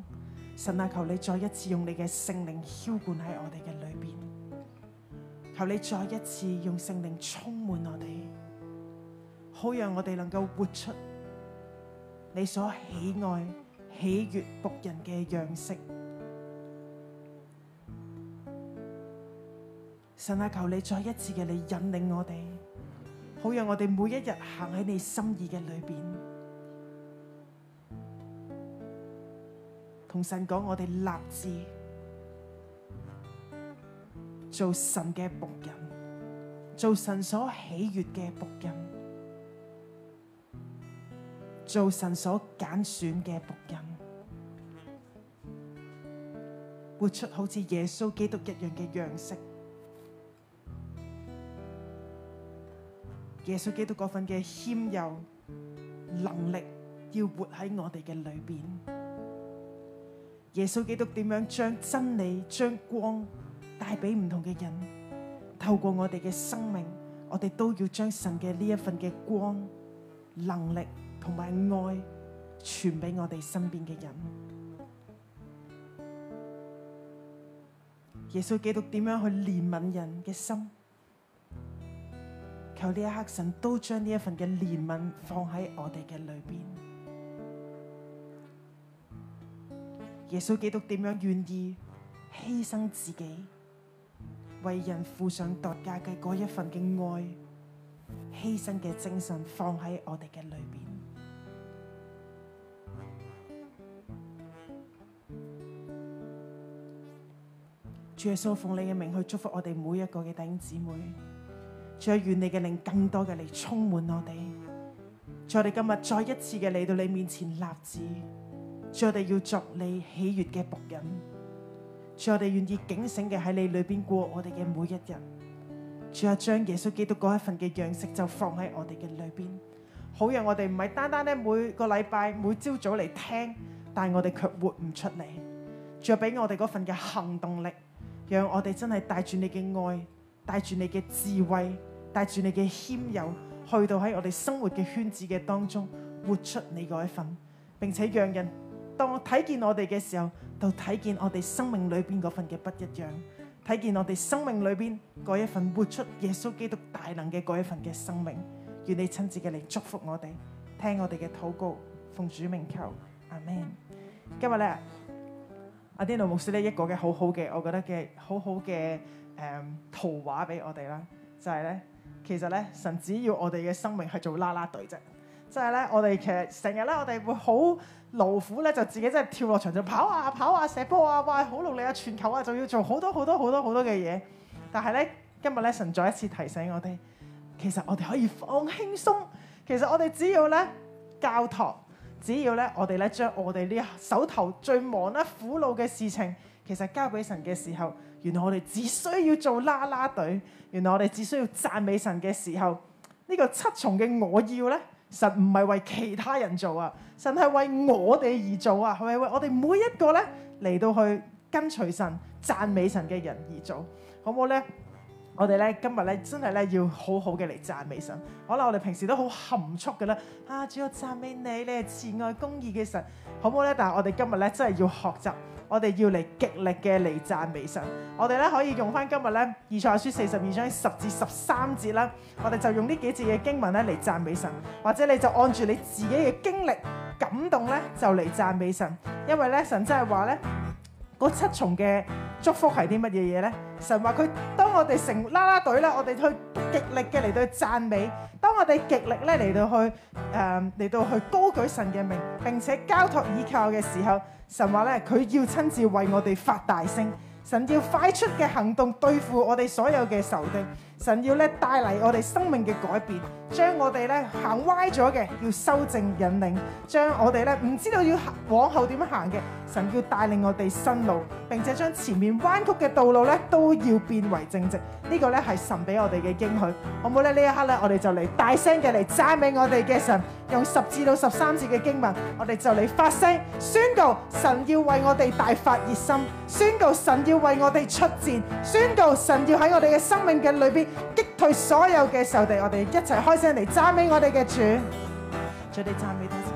神啊，求你再一次用你嘅聖靈澆灌喺我哋嘅裏邊，求你再一次用聖靈充滿我哋，好讓我哋能夠活出你所喜愛、喜悅僕人嘅樣式。神啊，求你再一次嘅你引領我哋，好讓我哋每一日行喺你心意嘅裏邊。同神講，我哋立志做神嘅僕人，做神所喜悅嘅僕人，做神所揀選嘅僕人，活出好似耶穌基督一樣嘅樣式。耶穌基督嗰份嘅謙柔能力，要活喺我哋嘅裏邊。耶穌基督點樣將真理、將光帶俾唔同嘅人？透過我哋嘅生命，我哋都要將神嘅呢一份嘅光、能力同埋愛傳俾我哋身邊嘅人。 耶穌基督點樣去憐憫人嘅心？求呢一刻，神都將呢一份嘅憐憫放喺我哋嘅裏面。耶穌基督點樣願意犧牲自己，為人付上代價嘅嗰一份嘅愛，犧牲嘅精神放喺我哋嘅裏邊。 主耶穌奉你嘅名去祝福我哋每一個嘅弟兄姊妹。主耶穌願你嘅靈更多嘅嚟充滿我哋。在我哋今日再一次嘅嚟到你面前立志。在我哋要作你喜悅嘅僕人，在我哋願意警醒嘅喺你裏邊過我哋嘅每一日，在將耶穌基督嗰一份嘅樣式就放喺我哋嘅裏邊，好讓我哋唔係單單咧每個禮拜每朝早嚟聽，但係我哋卻活唔出嚟。再俾我哋嗰份嘅行動力，讓我哋真係帶住你嘅愛，帶住你嘅智慧，帶住你嘅謙柔去到喺我哋生活嘅圈子嘅當中活出你嗰一份，並且讓人。當我睇見我哋嘅時候，就睇見我哋生命裏邊嗰份嘅不一樣，睇見我哋生命裏邊嗰一份活出耶穌基督大能嘅嗰一份嘅生命。願你親自嘅嚟祝福我哋，聽我哋嘅禱告，奉主名求，阿門。今日咧，阿天路牧師呢一個嘅好好嘅，我覺得嘅好好嘅誒圖畫俾我哋啦，就係、是、咧，其實咧神只要我哋嘅生命係做啦啦隊啫。即係咧，我哋其實成日咧，我哋會好勞苦咧，就自己真係跳落場就跑啊跑啊，射波啊，哇！好努力啊，傳球啊，仲要做好多好多好多好多嘅嘢。但係咧，今日咧神再一次提醒我哋，其實我哋可以放輕鬆。其實我哋只要咧教堂，只要咧我哋咧將我哋呢手頭最忙啦、啊、苦惱嘅事情，其實交俾神嘅時候，原來我哋只需要做啦啦隊。原來我哋只需要讚美神嘅時候，呢、呢個七重嘅我要咧。神唔係為其他人做啊，神係為我哋而做啊，係咪為我哋每一個咧嚟到去跟隨神、讚美神嘅人而做，好唔好咧？我哋咧今日咧真係咧要好好嘅嚟讚美神。可能我哋平時都好含蓄嘅啦，啊，主要讚美你，你係慈愛公義嘅神，好唔好咧？但係我哋今日咧真係要學習。我哋要嚟極力嘅嚟讚美神，我哋咧可以用返今日咧《以賽亞書》四十二章十至十三節啦，我哋就用呢幾節嘅經文咧嚟讚美神，或者你就按住你自己嘅經歷、感動咧就嚟讚美神，因為咧神真係話咧。嗰七重嘅祝福係啲乜嘢嘢咧？神話佢當我哋成啦啦隊咧，我哋去極力嘅嚟到去讚美；當我哋極力咧嚟到去誒嚟到去高舉神嘅名，並且交託倚靠嘅時候，神話咧佢要親自為我哋發大聲，神要快出嘅行動對付我哋所有嘅仇敵。神要咧帶嚟我哋生命嘅改變，將我哋咧行歪咗嘅要修正引領，將我哋咧唔知道要往後點樣行嘅，神要帶領我哋新路，並且將前面彎曲嘅道路咧都要變為正直。呢、這個咧係神俾我哋嘅應許，好唔好咧？呢一刻咧，我哋就嚟大聲嘅嚟讚美我哋嘅神，用十至到十三節嘅經文，我哋就嚟發聲宣告：神要為我哋大發熱心，宣告神要為我哋出戰，宣告神要喺我哋嘅生命嘅裏邊。擊退所有嘅仇敵，我哋一齊開聲嚟讚美我哋嘅主，主，你讚美。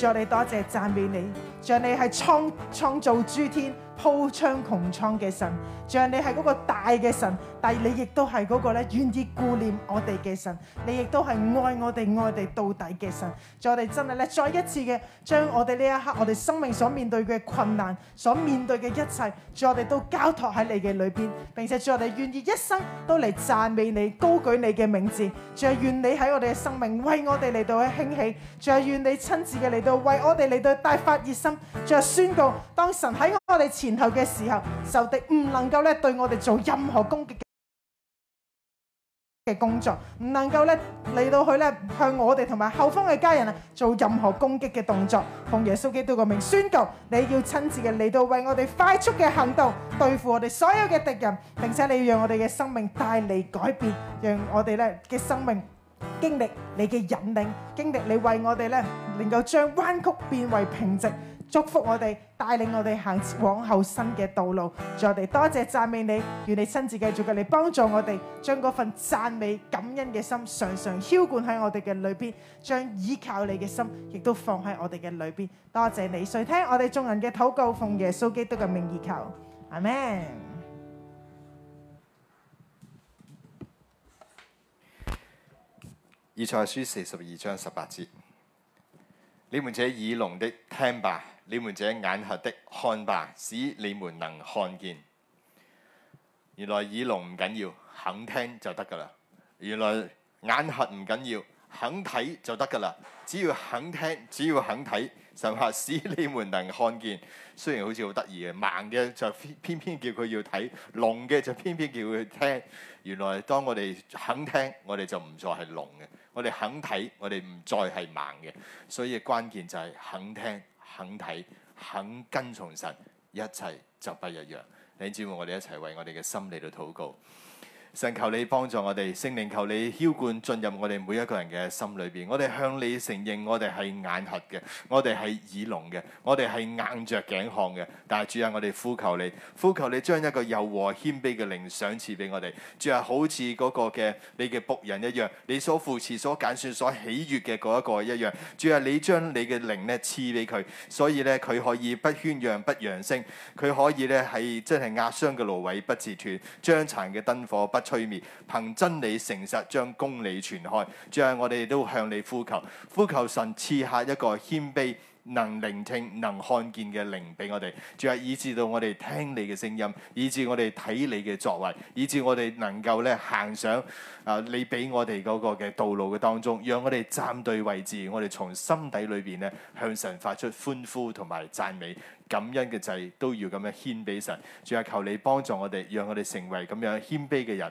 向你多謝，讚美你，像你係創創造諸天鋪張穹蒼嘅神。像你係個大嘅神，但係你亦都係個咧願意顧念我哋嘅神，你亦都係愛我哋愛我哋到底嘅神。在我哋真係咧，再一次嘅將我哋呢一刻我哋生命所面對嘅困難所面對嘅一切，在我哋都交託喺你嘅裏邊，並且在我哋願意一生都嚟讚美你，高舉你嘅名字。在願你喺我哋嘅生命為我哋嚟到去興起。在願你親自嘅嚟到為我哋嚟到大發熱心。在宣告當神喺我哋前頭嘅時候，仇敵唔能夠。咧對我哋做任何攻擊嘅嘅工作，唔能夠咧嚟到去咧向我哋同埋後方嘅家人啊做任何攻擊嘅動作。奉耶穌基督個名宣告，你要親自嘅嚟到為我哋快速嘅行動對付我哋所有嘅敵人，並且你要讓我哋嘅生命帶嚟改變，讓我哋咧嘅生命。經歷你嘅引領，經歷你為我哋咧，能夠將彎曲變為平直，祝福我哋，帶領我哋行往後新嘅道路。祝我哋多謝讚美你，願你親自繼續嘅嚟，幫助我哋，將嗰份讚美感恩嘅心常常澆灌喺我哋嘅裏邊，將依靠你嘅心亦都放喺我哋嘅裏邊。多謝你，垂聽我哋眾人嘅禱告，奉耶穌基督嘅名義求，係咪？以賽亞書四十二章十八節，你們這耳聾的聽吧，你們這眼瞎的看吧，使你們能看見。原來耳聾唔緊要，肯聽就得噶啦。原來眼瞎唔緊要，肯睇就得噶啦。只要肯聽，只要肯睇，神啊，使你們能看見。雖然好似好得意嘅，盲嘅就偏偏叫佢要睇，聾嘅就偏偏叫佢聽。原來當我哋肯聽，我哋就唔再係聾嘅。我哋肯睇，我哋唔再係盲嘅，所以關鍵就係肯聽、肯睇、肯跟從神，一切就不一樣。弟兄姊妹，我哋一齊為我哋嘅心嚟到禱告。神，求你幫助我哋，聖靈求你澆灌進入我哋每一個人嘅心裏邊，我哋向你承認我哋係眼瞎嘅，我哋係耳聾嘅，我哋係硬着頸項嘅。但係主啊，我哋呼求你，呼求你將一個柔和謙卑嘅靈賞賜俾我哋。主啊，好似嗰個嘅你嘅僕人一樣，你所扶持、所揀選、所喜悅嘅嗰一個一樣，主啊，你將你嘅靈咧賜俾佢，所以咧佢可以不喧嚷不揚聲，佢可以咧係真係壓傷嘅蘆葦不自斷，將殘嘅燈火不催眠憑真理誠實，將公理傳開。仲有我哋都向你呼求，呼求神賜下一個謙卑。能聆聽、能看見嘅靈俾我哋，仲要，以致到我哋聽你嘅聲音，以致我哋睇你嘅作為，以致我哋能夠咧行上啊、呃、你俾我哋嗰個嘅道路嘅當中，讓我哋站對位置，我哋從心底裏邊咧向神發出歡呼同埋讚美感恩嘅祭，都要咁樣獻俾神。仲要，求你幫助我哋，讓我哋成為咁樣謙卑嘅人。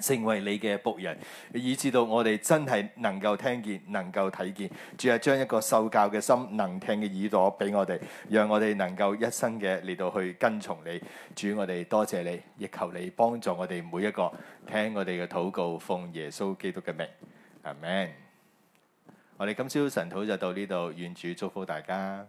成為你嘅僕人，以至到我哋真係能夠聽見、能夠睇見。主係將一個受教嘅心、能聽嘅耳朵俾我哋，讓我哋能夠一生嘅嚟到去跟從你。主，我哋多謝你，亦求你幫助我哋每一個聽我哋嘅禱告，奉耶穌基督嘅名。阿門。我哋今朝晨，土就到呢度，願主祝福大家。